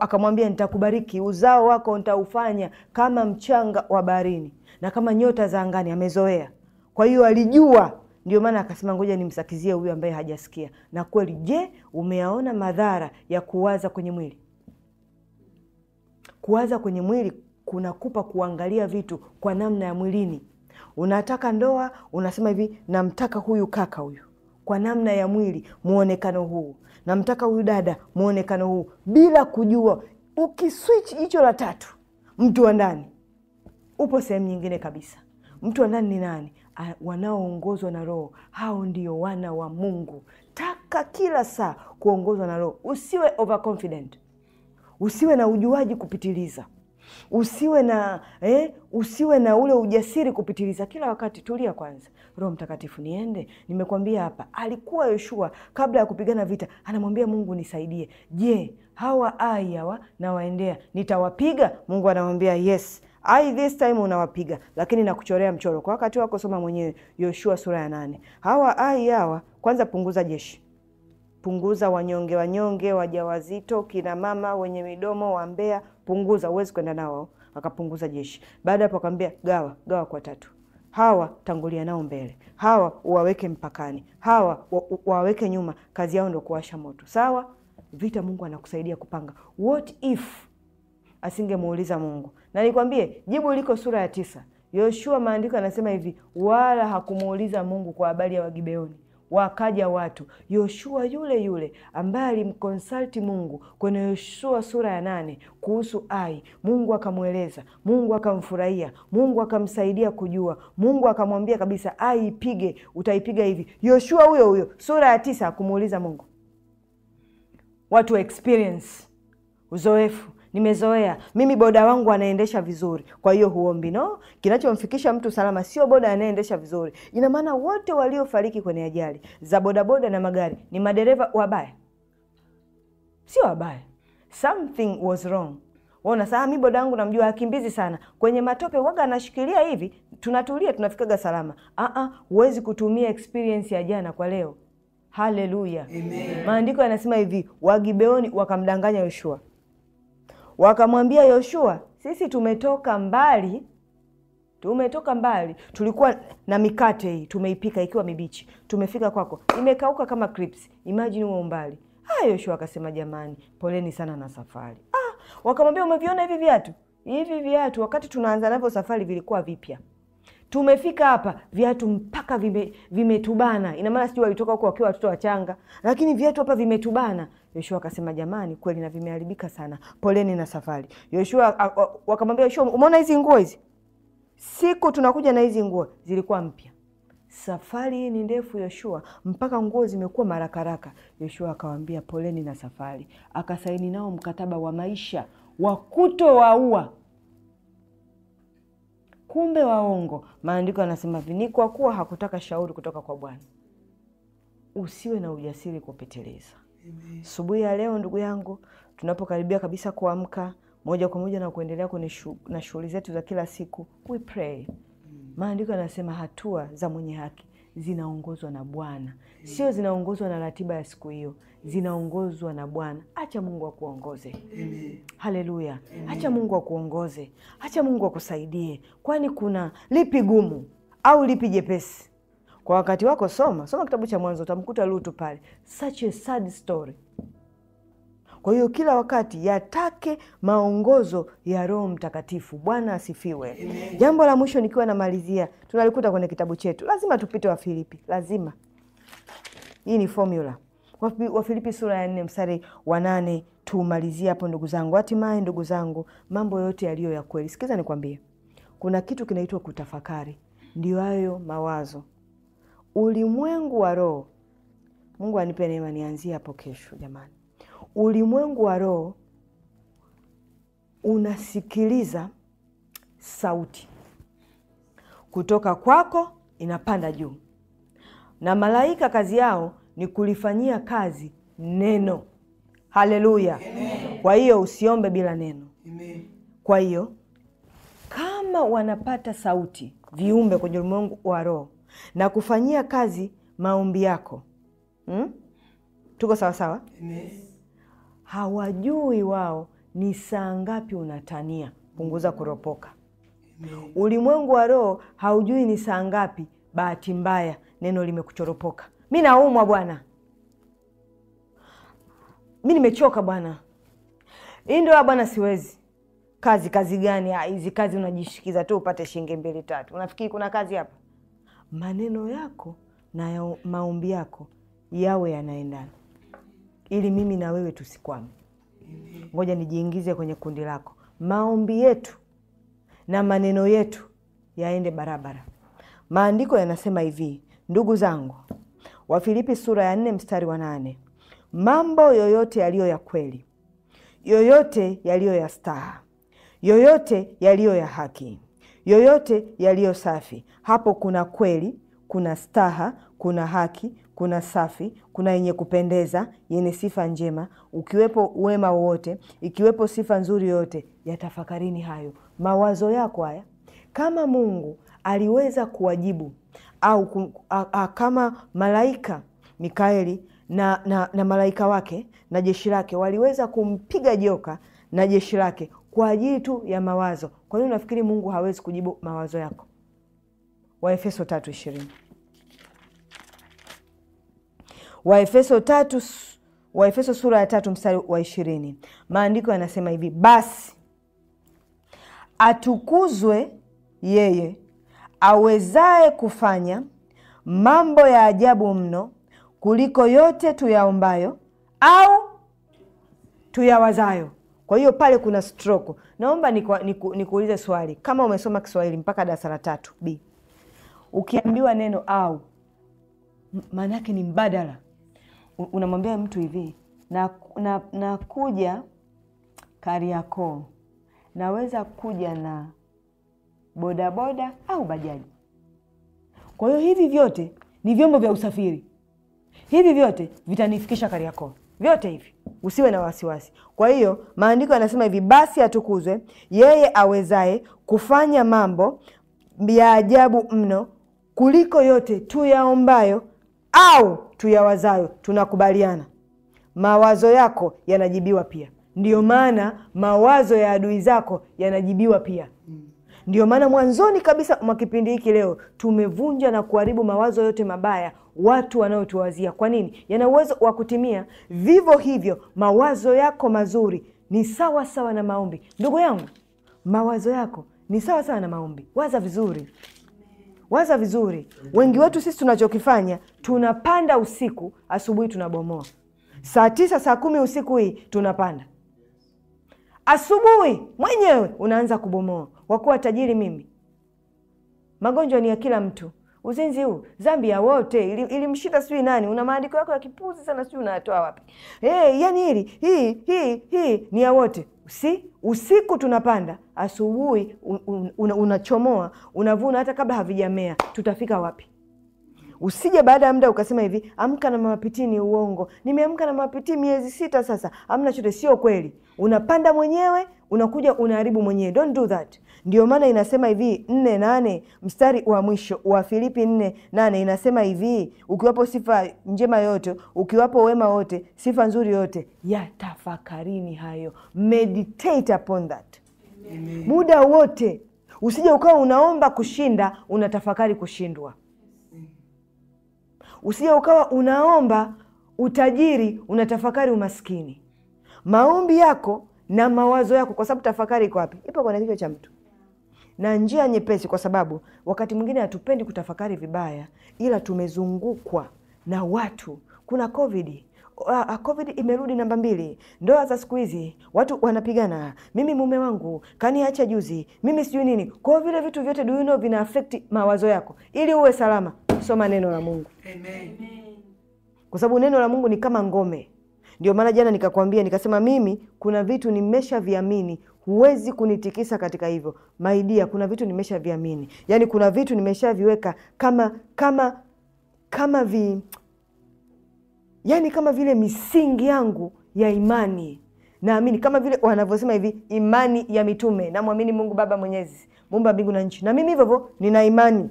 akamwambia aka, nitakubariki uzao wako ntaufanya kama mchanga wa baharini na kama nyota za angani. Amezoea kwa hiyo alijua, ndio maana akasema ngoja nimsakizie huyu ambaye hajasikia. Na kweli, je, umeyaona madhara ya kuwaza kwenye mwili? Kuwaza kwenye mwili kunakupa kuangalia vitu kwa namna ya mwilini. Unataka ndoa, unasema hivi, namtaka huyu kaka huyu kwa namna ya mwili, muonekano huu, namtaka huyu dada, muonekano huu, bila kujua. Ukiswitch hicho la tatu, mtu wa ndani upo sehemu nyingine kabisa. Mtu wa ndani ni nani? wanaoongozwa na Roho, hao ndio wana wa Mungu. Taka kila saa kuongozwa na Roho. Usiwe overconfident, usiwe na ujuaji kupitiliza, usiwe na eh, usiwe na ule ujasiri kupitiliza. Kila wakati tulia kwanza, Roho Mtakatifu, niende. Nimekwambia hapa, alikuwa Yoshua kabla ya kupigana vita anamwambia Mungu, nisaidie. Je, hawa ai hawa nawaendea, nitawapiga? Mungu anamwambia yes Ai, this time unawapiga, lakini nakuchorea mchoro kwa wakati wako. Soma mwenyewe Yoshua sura ya nane. Hawa ai hawa, kwanza punguza jeshi, punguza wanyonge, wanyonge, wajawazito, kina mama wenye midomo, wambea, punguza, uwezi kwenda nao. Akapunguza jeshi. Baada hapo akamwambia gawa, gawa kwa tatu hawa tangulia nao mbele, hawa uwaweke mpakani, hawa waweke nyuma, kazi yao ndo kuwasha moto. Sawa, vita Mungu anakusaidia kupanga. What if asingemuuliza Mungu, na nikwambie jibu liko sura ya tisa. Yoshua maandiko anasema hivi, wala hakumuuliza Mungu kwa habari ya Wagibeoni. Wakaja watu Yoshua yule yule ambaye alimkonsalti Mungu kwenye Yoshua sura ya nane kuhusu Ai. Mungu akamweleza, Mungu akamfurahia, Mungu akamsaidia kujua, Mungu akamwambia kabisa, Ai ipige, utaipiga hivi. Yoshua huyo huyo sura ya tisa hakumuuliza Mungu. Watu wa experience uzoefu nimezoea mimi, boda wangu anaendesha vizuri, kwa hiyo huombi. No, kinachomfikisha mtu salama sio boda anayeendesha vizuri. Ina maana wote waliofariki kwenye ajali za bodaboda na magari ni madereva wabaya? Sio wabaya, something was wrong. Ona saa mi boda wangu namjua, akimbizi sana kwenye matope, waga anashikilia hivi, tunatulia, tunafikaga salama. Huwezi kutumia experience ya jana kwa leo. Haleluya, Maandiko yanasema hivi, Wagibeoni wakamdanganya Yoshua Wakamwambia Yoshua, sisi tumetoka mbali, tumetoka mbali, tulikuwa na mikate hii tumeipika ikiwa mibichi, tumefika kwako imekauka kama crisps. Imagine huo umbali. Ah, Yoshua akasema jamani, poleni sana na safari. Ah, wakamwambia umeviona hivi viatu? Hivi viatu wakati tunaanza navyo safari vilikuwa vipya tumefika hapa viatu mpaka vimetubana, vime, Ina maana sijui walitoka huko wakiwa watoto wachanga, lakini viatu hapa vimetubana. Yoshua akasema jamani, kweli na vimeharibika sana, poleni na safari. Yoshua wakamwambia Yoshua, umeona hizi nguo hizi, siku tunakuja na hizi nguo zilikuwa mpya. Safari hii ni ndefu Yoshua, mpaka nguo zimekuwa marakaraka. Yoshua akawaambia poleni na safari, akasaini nao mkataba wa maisha wa waua Kumbe waongo. Maandiko yanasema ni kwa kuwa hakutaka shauri kutoka kwa Bwana. Usiwe na ujasiri kupeteleza Asubuhi ya leo, ndugu yangu, tunapokaribia kabisa kuamka moja kwa moja na kuendelea kwenye na shughuli zetu za kila siku, we pray. Mm. Maandiko yanasema hatua za mwenye haki zinaongozwa na Bwana, mm. sio zinaongozwa na ratiba ya siku hiyo, zinaongozwa na Bwana. Acha Mungu akuongoze. Haleluya! Acha Mungu akuongoze, acha Mungu akusaidie, kwani kuna lipi gumu au lipi jepesi kwa wakati wako soma, soma kitabu cha Mwanzo, utamkuta Lutu pale. Such a sad story. Kwa hiyo kila wakati yatake maongozo ya Roho Mtakatifu. Bwana asifiwe. Amen. Jambo la mwisho nikiwa namalizia, tunalikuta kwenye kitabu chetu, lazima tupite Wafilipi, lazima. Hii ni formula. Wafilipi sura ya nne mstari wa nane tumalizie hapo, ndugu zangu. Hatimaye ndugu zangu, mambo yote yaliyo ya kweli, sikiza nikwambie, kuna kitu kinaitwa kutafakari, ndio hayo mawazo ulimwengu wa roho. Mungu anipe neema nianzie hapo kesho jamani. Ulimwengu wa roho unasikiliza sauti kutoka kwako, inapanda juu, na malaika kazi yao ni kulifanyia kazi neno. Haleluya! Kwa hiyo usiombe bila neno. Amen. Kwa hiyo kama wanapata sauti viumbe kwenye ulimwengu wa roho na kufanyia kazi maombi yako hmm? Tuko sawasawa? Hawajui wao ni saa ngapi unatania. Punguza kuropoka. Ulimwengu wa roho haujui ni saa ngapi. Bahati mbaya neno limekuchoropoka. Mi naumwa bwana, mi nimechoka bwana, hii ndoa bwana, siwezi kazi. Kazi gani hizi? Kazi unajishikiza tu upate shilingi mbili tatu. Unafikiri kuna kazi hapa? maneno yako na ya maombi yako yawe yanaendana, ili mimi na wewe tusikwame. Ngoja nijiingize kwenye kundi lako. Maombi yetu na maneno yetu yaende barabara. Maandiko yanasema hivi, ndugu zangu, Wafilipi sura ya nne mstari wa nane mambo yoyote yaliyo ya kweli, yoyote yaliyo ya staha, yoyote yaliyo ya haki yoyote yaliyo safi. Hapo kuna kweli, kuna staha, kuna haki, kuna safi, kuna yenye kupendeza, yenye sifa njema, ukiwepo wema wowote, ikiwepo sifa nzuri yoyote, yatafakarini hayo mawazo yako haya. Kama Mungu aliweza kuwajibu au kum, a, a, kama malaika Mikaeli na, na, na malaika wake na jeshi lake waliweza kumpiga joka na jeshi lake kwa ajili tu ya mawazo. Kwa nini unafikiri Mungu hawezi kujibu mawazo yako? Waefeso tatu ishirini. Waefeso tatu Waefeso sura ya tatu mstari wa ishirini, maandiko yanasema hivi: basi atukuzwe yeye awezaye kufanya mambo ya ajabu mno kuliko yote tuyaombayo au tuyawazayo. Kwa hiyo pale kuna stroke. Naomba nikuulize niku, niku swali, kama umesoma Kiswahili mpaka darasa la tatu B, ukiambiwa neno au, maana yake ni mbadala. Unamwambia mtu hivi, nakuja na, na Kariakoo, naweza kuja na bodaboda au bajaji. Kwa hiyo hivi vyote ni vyombo vya usafiri, hivi vyote vitanifikisha Kariakoo, vyote hivi usiwe na wasiwasi. Kwa hiyo maandiko yanasema hivi, basi atukuzwe yeye awezaye kufanya mambo ya ajabu mno kuliko yote tuyaombayo au tuyawazayo. Tunakubaliana, mawazo yako yanajibiwa pia. Ndiyo maana mawazo ya adui zako yanajibiwa pia. Ndio maana mwanzoni kabisa mwa kipindi hiki leo tumevunja na kuharibu mawazo yote mabaya watu wanaotuwazia. Kwa nini? Yana uwezo wa kutimia. Vivyo hivyo mawazo yako mazuri ni sawa sawa na maombi. Ndugu yangu, mawazo yako ni sawa sawa na maombi. Waza vizuri, waza vizuri. Wengi wetu sisi tunachokifanya tunapanda usiku, asubuhi tunabomoa. Saa tisa saa kumi usiku hii tunapanda asubuhi mwenyewe unaanza kubomoa. Wakuwa tajiri mimi. Magonjwa ni ya kila mtu. Uzinzi huu dhambi ya wote, ilimshinda sijui nani. Una maandiko yako ya kipuzi sana, sijui unayatoa wapi? Hey, eh, yani hili hii hii hii ni ya wote. Si usiku tunapanda, asubuhi unachomoa, un, un, unavuna, hata kabla havijamea. Tutafika wapi? usije baada ya muda ukasema hivi amka na mapitii ni uongo, nimeamka na mapitii miezi sita sasa, amna chote. Sio kweli, unapanda mwenyewe unakuja unaharibu mwenyewe. Don't do that. Ndio maana inasema hivi nne nane mstari wa mwisho wa Filipi nne nane inasema hivi, ukiwapo sifa njema yote, ukiwapo wema wote, sifa nzuri yote, yatafakarini hayo, meditate upon that Amen. Muda wote usije ukawa unaomba kushinda, unatafakari kushindwa usije ukawa unaomba utajiri unatafakari umaskini. Maombi yako na mawazo yako, kwa sababu tafakari iko wapi? Ipo kwenye kichwa cha mtu na njia nyepesi, kwa sababu wakati mwingine hatupendi kutafakari vibaya, ila tumezungukwa na watu. Kuna COVID, ah, ah, COVID imerudi namba mbili. Ndoa za siku hizi watu wanapigana, mimi mume wangu kaniacha juzi, mimi sijui nini. kwao vile vitu vyote duino you vina affect mawazo yako. Ili uwe salama, kusoma neno la Mungu Amen. Kwa sababu neno la Mungu ni kama ngome. Ndio maana jana nikakwambia, nikasema mimi kuna vitu nimeshaviamini, huwezi kunitikisa katika hivyo. Maidia, kuna vitu nimeshaviamini, yaani kuna vitu nimeshaviweka kama kama kama vi, yaani kama vile misingi yangu ya imani naamini kama vile wanavyosema hivi, imani ya mitume, namwamini Mungu Baba Mwenyezi, mumba mbingu na nchi, na mimi hivyo hivyo nina imani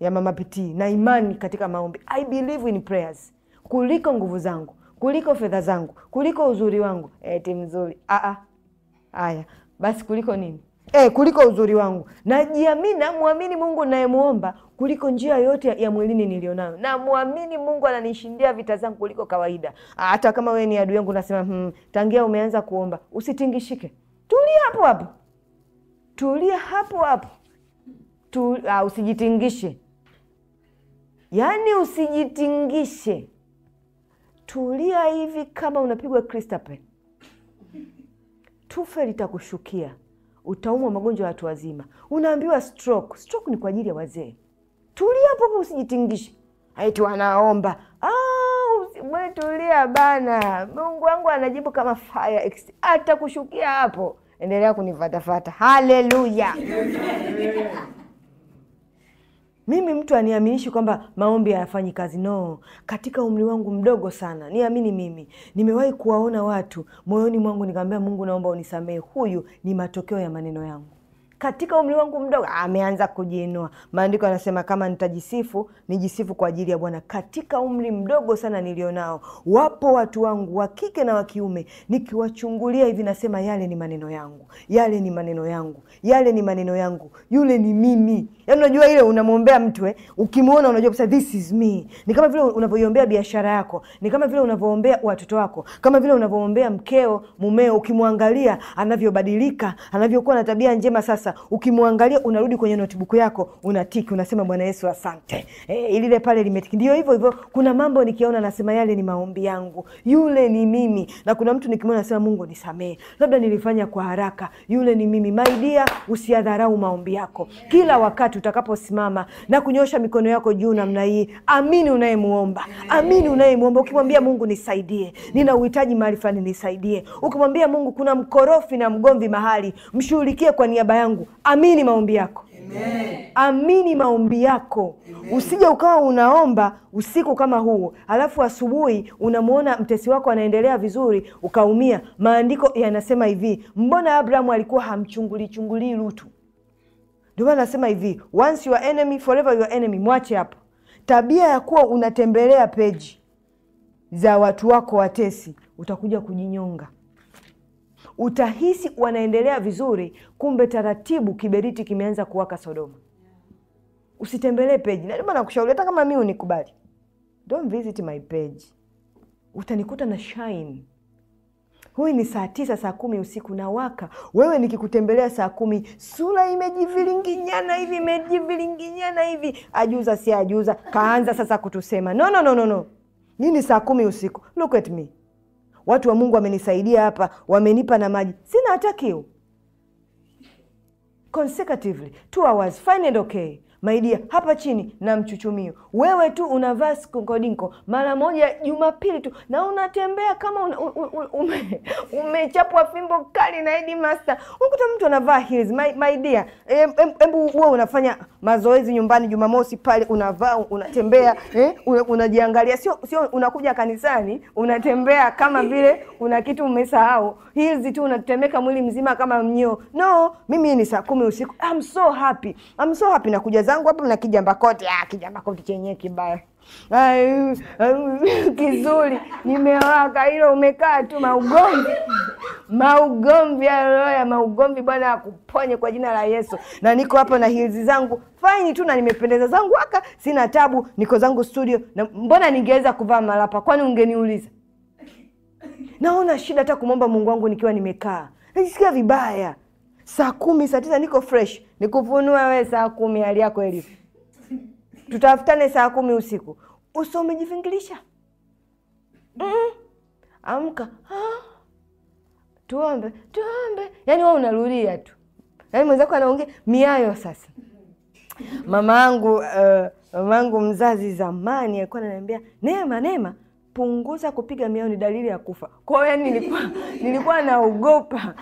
ya Mama Pitii na imani katika maombi. I believe in prayers kuliko nguvu zangu, kuliko fedha zangu, kuliko uzuri wangu. Eti eh, mzuri ah, ah. Haya basi, kuliko nini? E, kuliko uzuri wangu najiamini, namwamini Mungu nayemuomba kuliko njia yote ya mwilini nilionayo. Namwamini Mungu ananishindia vita zangu kuliko kawaida. Hata kama wewe ni adui yangu, nasema hmm, tangia umeanza kuomba usitingishike, tulia hapo hapo, tulia hapo hapo tu, uh, usijitingishe yaani usijitingishe, tulia hivi kama unapigwa Kristapen, tufe litakushukia, utaumwa magonjwa ya watu wazima, unaambiwa stroke. Stroke ni kwa ajili ya wazee. Tulia hapo, usijitingishe. Aiti wanaomba ah, tulia bana, Mungu wangu anajibu kama fire exit. Atakushukia hapo, endelea kunifatafata. Haleluya! Mimi mtu aniaminishi kwamba maombi hayafanyi kazi no. Katika umri wangu mdogo sana, niamini mimi nimewahi kuwaona watu moyoni mwangu nikamwambia Mungu, naomba unisamehe, huyu ni matokeo ya maneno yangu katika umri wangu mdogo ah, ameanza kujiinua. Maandiko yanasema kama nitajisifu, nijisifu kwa ajili ya Bwana katika umri mdogo sana nilionao. Wapo watu wangu wa kike na wa kiume, nikiwachungulia hivi nasema yale ni maneno yangu, yale ni maneno yangu, yale ni maneno yangu, yule ni mimi. Yaani unajua ile unamwombea mtu eh, ukimwona unajua kabisa this is me. Ni kama vile unavyoiombea biashara yako, ni kama vile unavyoombea watoto wako, kama vile unavyoombea mkeo, mumeo, ukimwangalia anavyobadilika, anavyokuwa na tabia njema sasa sasa ukimwangalia unarudi kwenye notebook yako unatiki, unasema Bwana Yesu asante. E, eh, ilile pale limetiki. Ndio hivyo hivyo, kuna mambo nikiona nasema yale ni maombi yangu, yule ni mimi, na kuna mtu nikimwona nasema Mungu nisamee labda nilifanya kwa haraka, yule ni mimi. My dear, usiyadharau maombi yako. Kila wakati utakaposimama na kunyosha mikono yako juu namna hii, amini unayemuomba, amini unayemuomba. Ukimwambia Mungu nisaidie, nina uhitaji mahali fulani, nisaidie. Ukimwambia Mungu kuna mkorofi na mgomvi mahali, mshughulikie kwa niaba yangu yangu, amini maombi yako Amen. Amini maombi yako, usije ukawa unaomba usiku kama huu alafu asubuhi unamwona mtesi wako anaendelea vizuri ukaumia. Maandiko yanasema hivi, mbona Abrahamu alikuwa hamchungulichungulii Lutu? Ndio maana anasema hivi, once your enemy forever your enemy. Mwache hapo tabia ya kuwa unatembelea peji za watu wako watesi, utakuja kujinyonga utahisi wanaendelea vizuri, kumbe taratibu kiberiti kimeanza kuwaka Sodoma. Usitembelee peji, nalima nakushauri, hata kama mi unikubali, don't visit my page, utanikuta na shine Huyu ni saa tisa saa kumi usiku na waka wewe, nikikutembelea saa kumi sura imejiviringinyana hivi imejiviringinyana hivi, ajuza si ajuza, kaanza sasa kutusema no, no, no, no, no. Nini saa kumi usiku? Look at me watu wa Mungu wamenisaidia hapa, wamenipa na maji, sina hata kiu. Consecutively two hours fine and okay maidia hapa chini na mchuchumio, wewe tu unavaa skokodinko mara moja Jumapili tu na unatembea kama una, ume, umechapwa fimbo kali na masta unkuta mtu anavaa heels, my, my dear, hebu wewe unafanya mazoezi nyumbani Jumamosi pale unavaa unatembea eh, unajiangalia, sio sio unakuja kanisani unatembea kama vile una kitu umesahau, hizi tu unatemeka mwili mzima kama mnyo. No, mimi ni saa kumi usiku. I'm so happy, I'm so happy. Nakuja zangu hapo na kijamba koti. Ah, kijamba koti chenye kibaya kizuri, nimewaka. ilo umekaa tu maugomvi, maugomvi aloya, maugomvi, Bwana akuponye kwa jina la Yesu. Na niko hapa na hilzi zangu faini tu na nimependeza zangu waka, sina tabu, niko zangu studio. Na mbona ningeweza kuvaa malapa? Kwani ungeniuliza? Naona shida hata kumwomba Mungu wangu nikiwa nimekaa, najisikia vibaya. Saa kumi saa tisa niko fresh, nikufunua we saa kumi hali yako ilivyo tutafutane saa kumi usiku, uso umejivingilisha. mm -mm. Amka ah. Tuombe, tuombe. Yani wa unarudia tu, yani mwenzako anaongea miayo. Sasa mama yangu uh, eh, mama yangu mzazi zamani alikuwa ananiambia, Neema, Neema, punguza kupiga miayo, ni dalili ya kufa. Kwa hiyo yani nilikuwa nilikuwa naogopa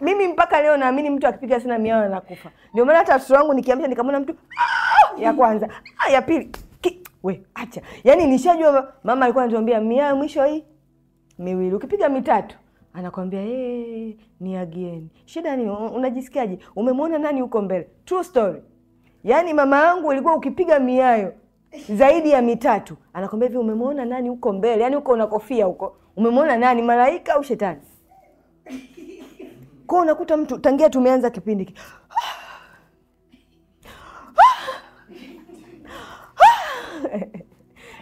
mimi mpaka leo naamini mtu akipiga sana miao anakufa. Ndio maana hata watoto wangu nikiambia, nikamwona mtu ah! ya kwanza ah, ya pili ki, we acha, yaani nishajua. Mama alikuwa anatuambia miao mwisho hii miwili, ukipiga mitatu anakwambia hey, ee, ni agieni. Shida ni unajisikiaje? Umemwona nani huko mbele? True story. Yaani mama yangu ilikuwa ukipiga miayo zaidi ya mitatu anakwambia hivi, umemwona nani huko mbele? Yaani huko una kofia huko, umemwona nani, malaika au shetani? Kwa unakuta mtu tangia tumeanza kipindi ki.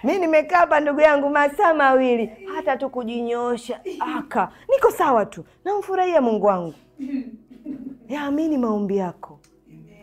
mi nimekaa hapa ndugu yangu masaa mawili hata tu kujinyosha aka niko sawa tu, namfurahia Mungu wangu. Yaamini maombi yako,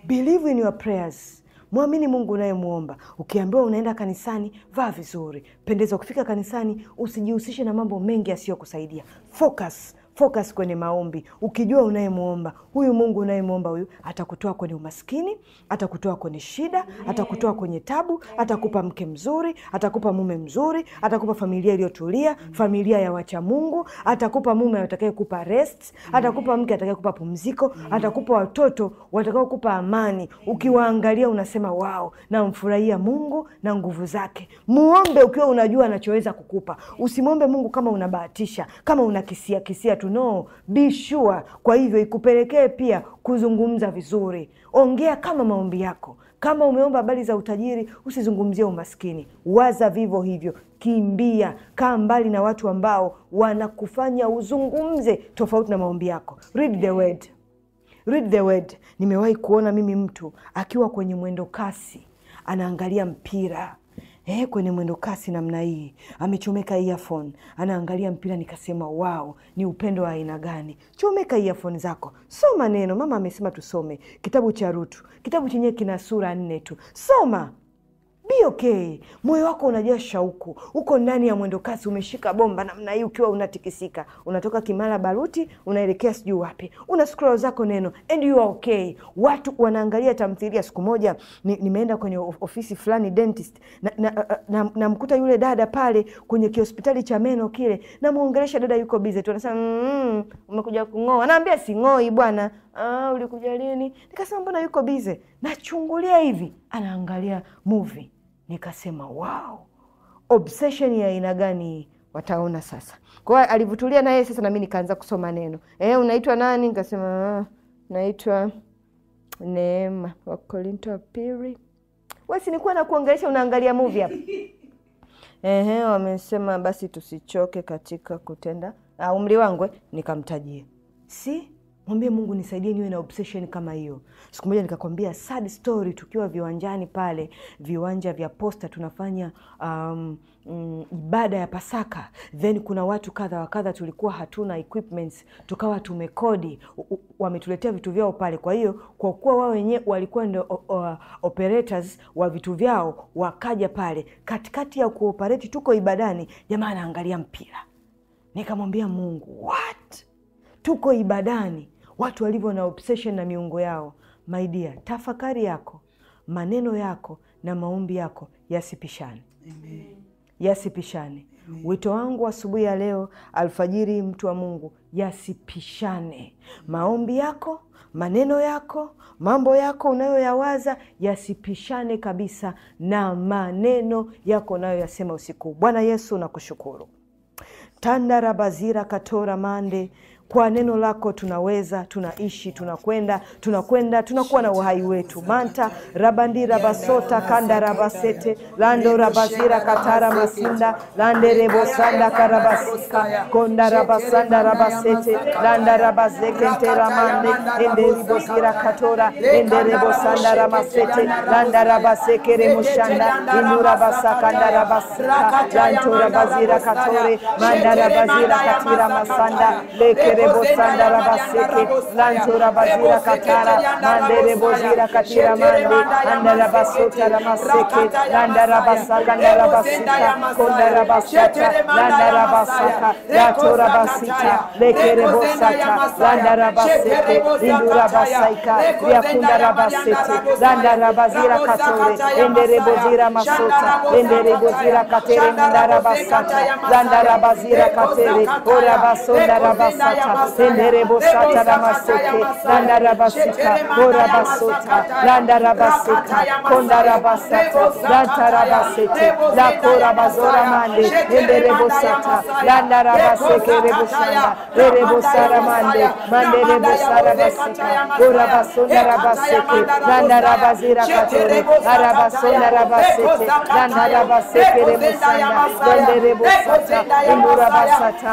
believe in your prayers. Mwamini Mungu unayemwomba. Ukiambiwa unaenda kanisani, vaa vizuri, pendeza. Ukifika kanisani, usijihusishe na mambo mengi yasiyokusaidia. Focus focus kwenye maombi, ukijua unayemwomba huyu Mungu unayemwomba huyu atakutoa kwenye umaskini, atakutoa kwenye shida, atakutoa kwenye tabu, atakupa mke mzuri, atakupa mume mzuri, atakupa familia iliyotulia, familia ya wacha Mungu, atakupa mume atakayekupa rest, atakupa mke atakayekupa pumziko, atakupa watoto watakaokupa amani. Ukiwaangalia unasema wao, namfurahia Mungu na nguvu zake. Muombe ukiwa unajua anachoweza kukupa, usimwombe Mungu kama unabahatisha, kama unakisia kisia tu no be sure. Kwa hivyo ikupelekee pia kuzungumza vizuri, ongea kama maombi yako. Kama umeomba habari za utajiri, usizungumzie umaskini, waza vivyo hivyo. Kimbia, kaa mbali na watu ambao wanakufanya uzungumze tofauti na maombi yako. Read the word. Read the word. Nimewahi kuona mimi mtu akiwa kwenye mwendo kasi anaangalia mpira eh, kwenye mwendo kasi namna hii, amechomeka earphone, anaangalia mpira. Nikasema wao, ni upendo wa aina gani? Chomeka earphone zako, soma neno. Mama amesema tusome kitabu cha Rutu, kitabu chenyewe kina sura nne tu, soma Be okay. Moyo wako unajaa shauku, uko ndani ya mwendokasi, umeshika bomba namna hii, ukiwa unatikisika, unatoka Kimara Baruti unaelekea sijui wapi, una scroll zako neno and you are okay. Watu wanaangalia tamthilia. Siku moja nimeenda ni kwenye ofisi fulani dentist, namkuta na, na, na, na yule dada pale kwenye kihospitali cha meno kile, namwongelesha dada, yuko bize tu, anasema mm, umekuja kung'oa? Naambia sing'oi bwana. Ah, ulikuja lini? Nikasema mbona yuko busy, nachungulia hivi, anaangalia movie Nikasema wow, obsession ya aina gani wataona sasa. Kwa hiyo alivutulia naye sasa, nami nikaanza kusoma neno eh, unaitwa nani? Nikasema ah, naitwa Neema wa Korinto wa pili. Wewe si nilikuwa nakuongelesha unaangalia movie hapa ehe, wamesema basi tusichoke katika kutenda. Ah, umri wangu eh? nikamtajia si mwambie Mungu nisaidie niwe na obsession kama hiyo. Siku moja nikakwambia sad story, tukiwa viwanjani pale, viwanja vya Posta tunafanya um, mm, ibada ya Pasaka, then kuna watu kadha wa kadha, tulikuwa hatuna equipments, tukawa tumekodi, wametuletea vitu vyao pale. Kwa hiyo kwa kuwa wao wenyewe walikuwa ndio operators wa vitu vyao, wakaja pale katikati ya kuoperate, tuko ibadani, jamaa anaangalia mpira, nikamwambia Mungu what tuko ibadani watu walivyo na obsession na miungu yao. maidia tafakari yako, maneno yako na maombi yako yasipishane, yasipishane. Wito wangu asubuhi ya leo, alfajiri, mtu wa Mungu, yasipishane. Maombi yako, maneno yako, mambo yako unayoyawaza yasipishane kabisa na maneno yako unayoyasema usiku. Bwana Yesu, nakushukuru tandarabazira katora mande kwa neno lako tunaweza, tunaishi, tunakwenda, tunakwenda, tunakuwa na uhai wetu. manta rabandi rabasota kanda rabasete lando rabazira katara masinda lande rebosanda karabasika konda rabasanda rabasete landa rabazekente ramande ende ribosira katora ende rebosanda ramasete landa rabasekere mushanda inu rabasakanda rabasika lanto rabazira katore manda rabazira katira masanda lekere mandere rabaseke lantura bazira katara mandere bozira katira mande andara basota ramaseke landara basaka ndara konda kondara landa landara basaka latura leke lekere bosaka landara baseke indura basaika yakundara basete landa rabazira katore endere bozira masota endere bozira katere mandara basaka landara bazira katere ora basonda rabasaka Thank you.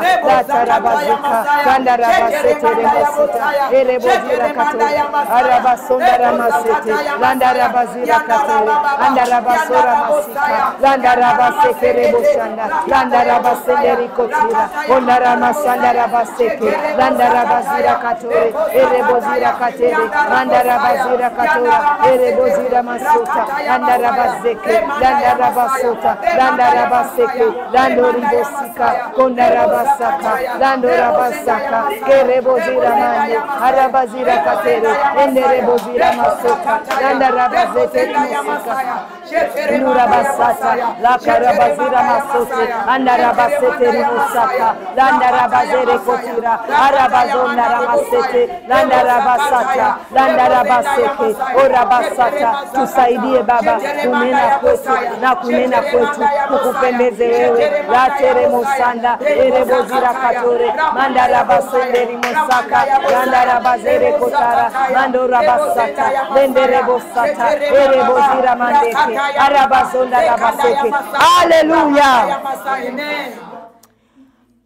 bosata ramasete basota konda Manda rabasete rebasita. Erebozira kato. Arabasonda ramasete. Landa rabazira kato. Anda rabasora masika. Landa rabasete reboshanda. Landa rabasende rikotira. Onda ramasanda rabasete. Landa rabazira katore. Erebozira katere. Landa rabazira katora. Erebozira masota. Landa rabazeke. Landa rabasota. Landa rabaseke. Lando ribosika. Konda rabasaka. Lando rabasaka. masota kerebozira mande harabazira katere enderebozira masota yandarabazete mesika nurabasata lakarabazira masote andarabasete ribusata landarabazere kotira harabazonaramasete landarabasata landarabaseke orabasata tusaidie baba kunena kwetu na kunena kwetu kukupendeze wewe latere musanda erebozira katore mandarabas mosaka ere hallelujah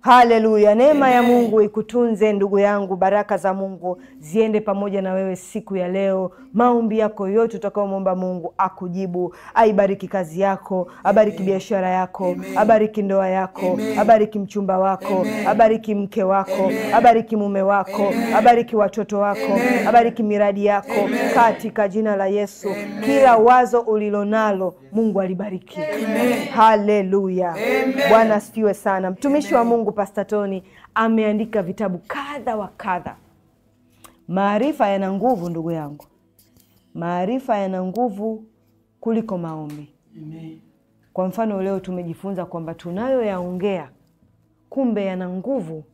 Haleluya! Neema ya Mungu ikutunze ndugu yangu, baraka za Mungu ziende pamoja na wewe siku ya leo. Maombi yako yote utakaomwomba Mungu akujibu. Aibariki kazi yako, abariki biashara yako, abariki ndoa yako, abariki mchumba wako, abariki mke wako, abariki mume wako, abariki watoto wako, abariki miradi yako, katika jina la Yesu. Kila wazo ulilonalo Mungu alibariki. Haleluya, Bwana asifiwe sana. Mtumishi wa Mungu Pastor Tony ameandika vitabu kadha wa kadha. Maarifa yana nguvu, ndugu yangu, maarifa yana nguvu kuliko maombi. Kwa mfano leo tumejifunza kwamba tunayoyaongea kumbe yana nguvu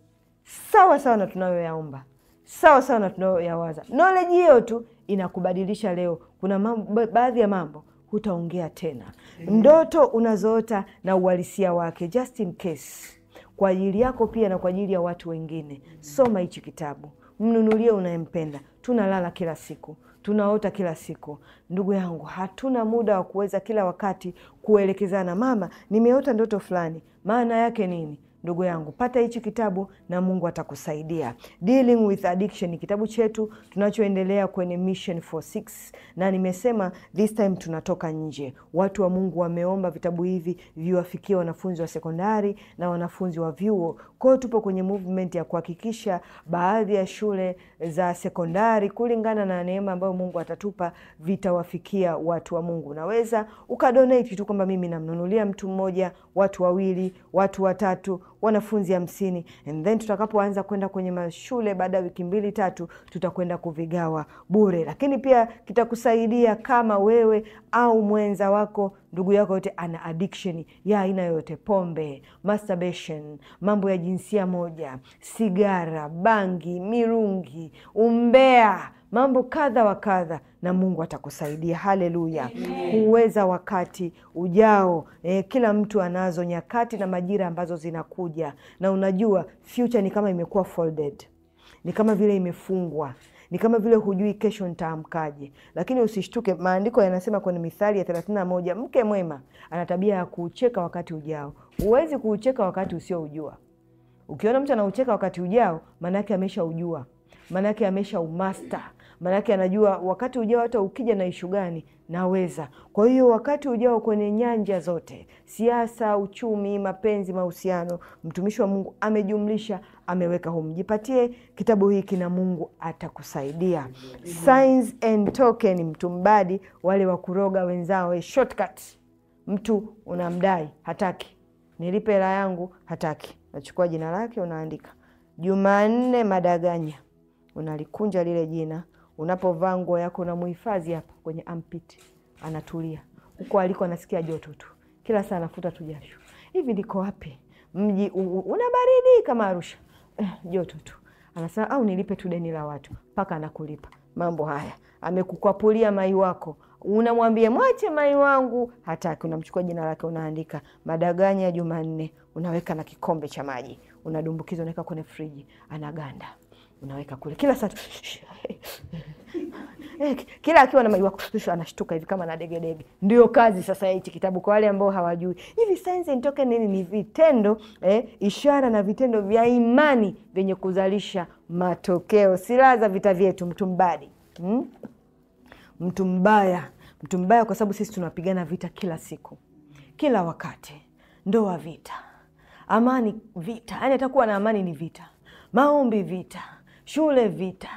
sawa sawa na tunayoyaomba, sawa sawa na tunayoyawaza. Knowledge hiyo tu inakubadilisha leo. Kuna mambo, baadhi ya mambo hutaongea tena. Ndoto unazoota na uhalisia wake, just in case, kwa ajili yako pia na kwa ajili ya watu wengine. Soma hichi kitabu, mnunulie unayempenda. Tunalala kila siku, tunaota kila siku. Ndugu yangu, hatuna muda wa kuweza kila wakati kuelekezana, mama, nimeota ndoto fulani, maana yake nini? ndugu yangu, pata hichi kitabu na Mungu atakusaidia. Dealing with Addiction ni kitabu chetu tunachoendelea kwenye Mission for six na nimesema this time tunatoka nje. Watu wa Mungu wameomba vitabu hivi viwafikie wanafunzi wa sekondari na wanafunzi wa vyuo. Kwa tupo kwenye movement ya kuhakikisha baadhi ya shule za sekondari, kulingana na neema ambayo Mungu atatupa, vitawafikia watu wa Mungu. Unaweza ukadonate tu kwamba mimi namnunulia mtu mmoja, watu wawili, watu watatu wanafunzi hamsini and then tutakapoanza kwenda kwenye mashule baada ya wiki mbili tatu, tutakwenda kuvigawa bure, lakini pia kitakusaidia kama wewe au mwenza wako ndugu yako yote ana addiction ya aina yoyote, pombe, masturbation, mambo ya jinsia moja, sigara, bangi, mirungi, umbea, mambo kadha wa kadha na Mungu atakusaidia. Haleluya! Huweza wakati ujao. Eh, kila mtu anazo nyakati na majira ambazo zinakuja, na unajua future ni kama imekuwa folded, ni kama vile imefungwa ni kama vile hujui kesho nitaamkaje, lakini usishtuke. Maandiko yanasema kwenye Mithali ya thelathini na moja mke mwema ana tabia ya kuucheka wakati ujao. Huwezi kuucheka wakati usioujua. Ukiona mtu anaucheka wakati ujao, maanake ameshaujua, maanake amesha umasta, maanake anajua wakati ujao hata ukija na ishu gani naweza. Kwa hiyo wakati ujao kwenye nyanja zote, siasa, uchumi, mapenzi, mahusiano, mtumishi wa Mungu amejumlisha, ameweka humu. Jipatie kitabu hiki na Mungu atakusaidia. Signs and token, mtu mbadi, wale wa kuroga wenzao, shortcut. Mtu unamdai hataki, nilipe hela yangu, hataki, nachukua jina lake, unaandika Jumanne Madaganya, unalikunja lile jina Unapovaa nguo yako na muhifadhi hapa kwenye armpit, anatulia huko aliko, anasikia joto tu, kila saa anafuta tu jasho. Hivi niko wapi? Mji una baridi kama Arusha, Eh, joto tu. Anasema au nilipe tu deni la watu, mpaka anakulipa. Mambo haya, amekukwapulia mai wako unamwambia mwache mai wangu, hataki. Unamchukua jina lake, unaandika madaganya ya Jumanne, unaweka na kikombe cha maji, unadumbukiza, unaweka kwenye friji, anaganda unaweka kule kila saa eh, kila akiwa na majiwa kushtusha anashtuka hivi kama na dege. Ndio kazi sasa hichi kitabu, kwa wale ambao hawajui hivi and token nini, ni vitendo eh, ishara na vitendo vya imani vyenye kuzalisha matokeo. Silaha za vita vyetu, mtu mbadi hmm? mtu mbaya, mtu mbaya, kwa sababu sisi tunapigana vita kila siku, kila wakati. Ndoa vita, amani vita, yani atakuwa na amani ni vita, maombi vita Shule vita,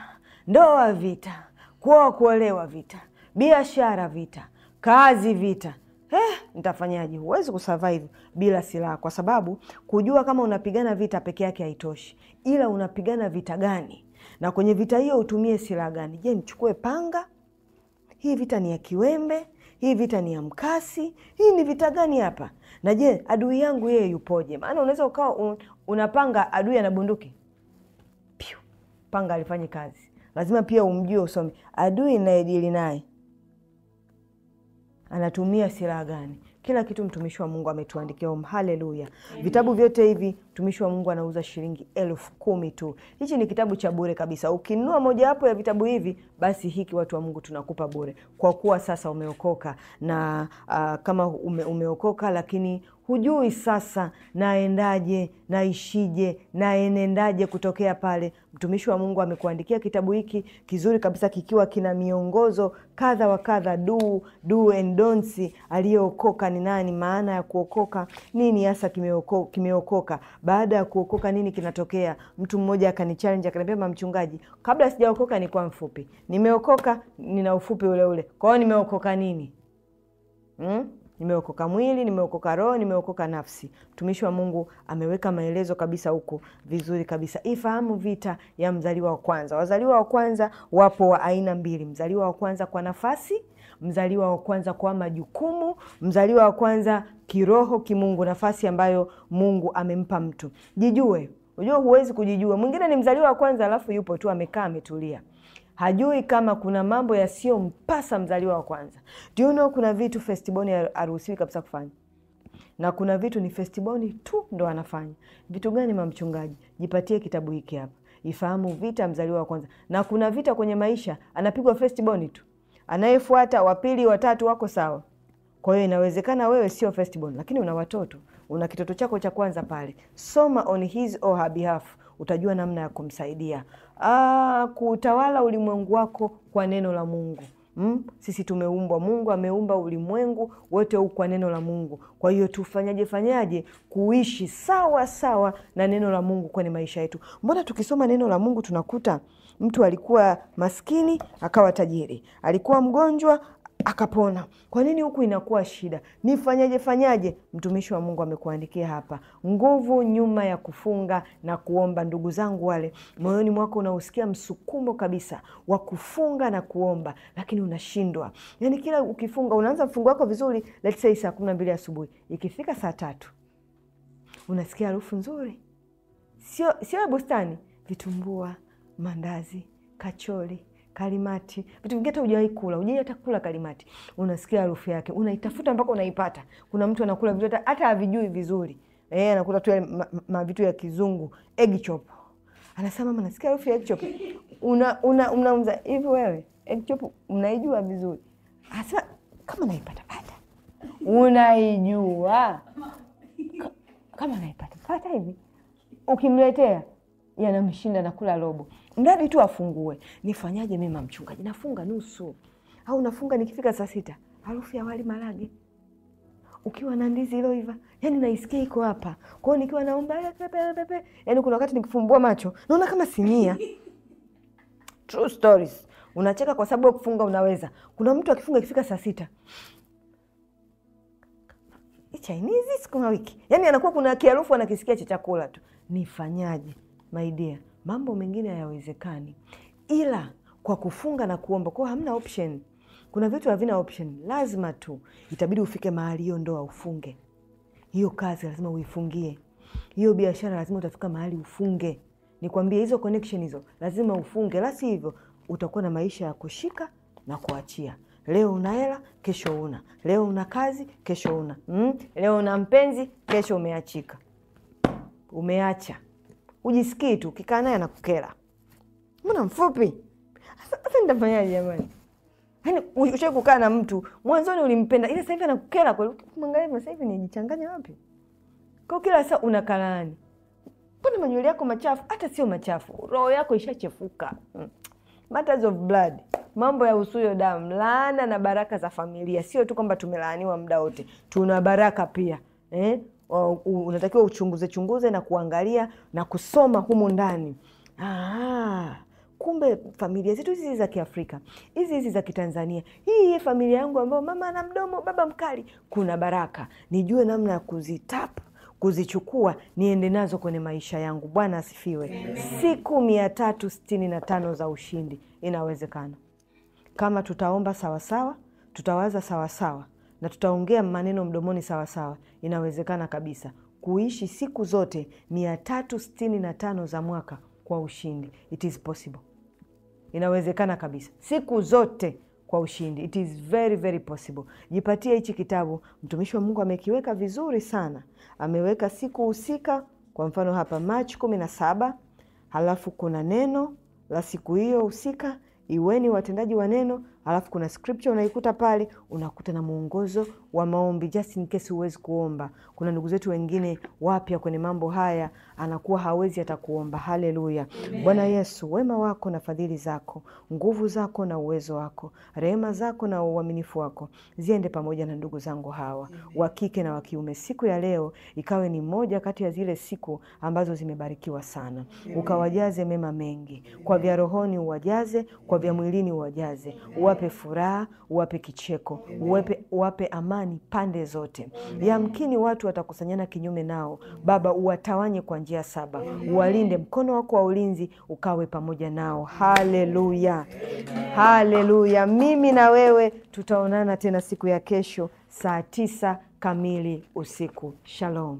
ndoa vita, kuoa kuolewa vita, biashara vita, kazi vita. Eh, nitafanyaje? Huwezi kusurvive bila silaha, kwa sababu kujua kama unapigana vita peke yake haitoshi, ila unapigana vita gani, na kwenye vita hiyo utumie silaha gani? Je, nichukue panga? Hii vita ni ya kiwembe? Hii vita ni ya mkasi? Hii ni vita gani hapa? Na je, adui yangu yeye yupoje? Maana unaweza ukawa un, unapanga adui ana bunduki panga alifanye kazi, lazima pia umjue, usome adui inayedili naye anatumia silaha gani. Kila kitu mtumishi wa Mungu ametuandikia. Haleluya! Vitabu vyote hivi mtumishi wa Mungu anauza shilingi elfu kumi tu. Hichi ni kitabu cha bure kabisa. Ukinunua mojawapo ya vitabu hivi, basi hiki watu wa Mungu tunakupa bure, kwa kuwa sasa umeokoka na uh, kama ume, umeokoka lakini hujui sasa naendaje, naishije, naenendaje kutokea pale, mtumishi wa Mungu amekuandikia kitabu hiki kizuri kabisa, kikiwa kina miongozo kadha wa kadha, du du and don'ts, aliyeokoka ni nani, maana ya kuokoka nini hasa, kimeokoka baada ya kuokoka nini kinatokea? Mtu mmoja akanichallenge akaniambia, mchungaji, kabla sijaokoka kwa mfupi, nimeokoka nina ufupi ule ule. Kwa hiyo nimeokoka nini? hmm? Nimeokoka mwili, nimeokoka roho, nimeokoka nafsi. Mtumishi wa Mungu ameweka maelezo kabisa huku vizuri kabisa. Ifahamu vita ya mzaliwa wa kwanza. Wazaliwa wa kwanza wapo wa aina mbili, mzaliwa wa kwanza kwa nafasi mzaliwa wa kwanza kwa majukumu, mzaliwa wa kwanza kiroho, kimungu, nafasi ambayo Mungu amempa mtu. Jijue, unajua huwezi kujijua. Mwingine ni mzaliwa wa kwanza alafu yupo tu amekaa ametulia hajui kama kuna mambo yasiyompasa mzaliwa wa kwanza. Do you know, kuna vitu festiboni haruhusiwi kabisa kufanya na kuna vitu ni festiboni tu ndo anafanya. Vitu gani, mamchungaji? Jipatie kitabu hiki hapa, ifahamu vita mzaliwa wa kwanza, na kuna vita kwenye maisha anapigwa festiboni tu anayefuata wa pili, watatu wako sawa. Kwa hiyo inawezekana wewe sio firstborn, lakini una watoto, una kitoto chako cha kwanza pale, soma on his or her behalf, utajua namna ya kumsaidia ah, kutawala ulimwengu wako kwa neno la Mungu. Mm, sisi tumeumbwa, Mungu ameumba ulimwengu wote huu kwa neno la Mungu. Kwa hiyo tufanyaje fanyaje kuishi sawa sawa na neno la Mungu kwenye maisha yetu? Mbona tukisoma neno la Mungu tunakuta Mtu alikuwa maskini akawa tajiri, alikuwa mgonjwa akapona. Kwa nini huku inakuwa shida? Nifanyaje fanyaje? Mtumishi wa Mungu amekuandikia hapa nguvu nyuma ya kufunga na kuomba. Ndugu zangu, wale moyoni mwako unausikia msukumo kabisa wa kufunga na kuomba, lakini unashindwa. Yani kila ukifunga, unaanza mfungo wako vizuri, let's say saa kumi na mbili asubuhi, ikifika saa tatu unasikia harufu nzuri, sio sio bustani, vitumbua mandazi, kachori, kalimati, vitu vingine hata hujawahi kula, hujawahi hata kula kalimati. Unasikia harufu yake, unaitafuta mpaka unaipata. Kuna mtu anakula vitu hata havijui vizuri eh, anakula tu mavitu ma ya kizungu, egg chop. Anasema mama, nasikia harufu ya egg chop. Una una unauza hivi wewe, egg chop unaijua vizuri? Asa kama naipata pata. Unaijua? Kama naipata pata hivi. Ukimletea yanamshinda na kula robo mradi tu afungue. Nifanyaje mimi mama mchungaji? Nafunga nusu au nafunga nikifika saa sita, harufu ya wali marage ukiwa na ndizi iliyoiva, yani naisikia iko hapa. kwao. nikiwa naomba pepe eh, pepe, yani kuna wakati nikifumbua macho naona kama sinia. True stories. Unacheka kwa sababu kufunga unaweza. Kuna mtu akifunga ikifika saa sita Chinese sukuma wiki, yani anakuwa kuna kiharufu anakisikia cha chakula tu. Nifanyaje my dear? mambo mengine hayawezekani ila kwa kufunga na kuomba kwao, hamna option. Kuna vitu havina option, lazima tu itabidi ufike mahali, hiyo ndoa ufunge, hiyo kazi lazima uifungie, hiyo biashara lazima utafika mahali ufunge. Nikwambie hizo connection hizo lazima ufunge, la hivyo utakuwa na maisha ya kushika na kuachia. Leo una hela, kesho una, leo una kazi, kesho una mm, leo una mpenzi, kesho umeachika, umeacha ujisikii tu, kikaa naye anakukera, mbona mfupi? Sasa nitafanyaje jamani? Yaani ushai kukaa na mtu mwanzoni ulimpenda, ila sasa hivi anakukera kweli. Ukimwangalia sasa hivi nijichanganya wapi? Kwa kila saa unakalaani, mbona manywele yako machafu? Hata sio machafu, roho yako ishachefuka. Mm. Matters of blood, mambo ya usuyo damu, laana na baraka za familia. Sio tu kwamba tumelaaniwa muda wote, tuna baraka pia eh? Uh, unatakiwa uchunguze chunguze na kuangalia na kusoma humu ndani ah, kumbe familia zetu hizi za Kiafrika hizi hizi za Kitanzania, hii familia yangu ambayo mama na mdomo baba mkali, kuna baraka, nijue namna ya kuzitapa kuzichukua niende nazo kwenye maisha yangu. Bwana asifiwe. Siku mia tatu sitini na tano za ushindi inawezekana kama tutaomba sawasawa, tutawaza sawasawa sawa na tutaongea maneno mdomoni sawasawa, inawezekana kabisa kuishi siku zote mia tatu stini na tano za mwaka kwa ushindi. It is possible, inawezekana kabisa siku zote kwa ushindi. It is very very possible. Jipatie hichi kitabu, mtumishi wa Mungu amekiweka vizuri sana, ameweka siku husika. Kwa mfano hapa Machi kumi na saba, halafu kuna neno la siku hiyo husika, iweni watendaji wa neno alafu kuna scripture unaikuta pale, unakuta na mwongozo wa maombi just in case huwezi kuomba. Kuna ndugu zetu wengine wapya kwenye mambo haya, anakuwa hawezi hata kuomba. Haleluya! Bwana Yesu, wema wako na fadhili zako, nguvu zako na uwezo wako, rehema zako na uaminifu wako ziende pamoja na ndugu zangu hawa wa kike na wa kiume. Siku ya leo ikawe ni moja kati ya zile siku ambazo zimebarikiwa sana, ukawajaze mema mengi, kwa vya rohoni uwajaze, kwa vya mwilini uwajaze uwape furaha, uwape kicheko, uwape, uwape amani pande zote. Yamkini watu watakusanyana kinyume nao, Baba uwatawanye kwa njia saba, uwalinde, mkono wako wa ulinzi ukawe pamoja nao. Haleluya, haleluya. Mimi na wewe tutaonana tena siku ya kesho saa tisa kamili usiku. Shalom.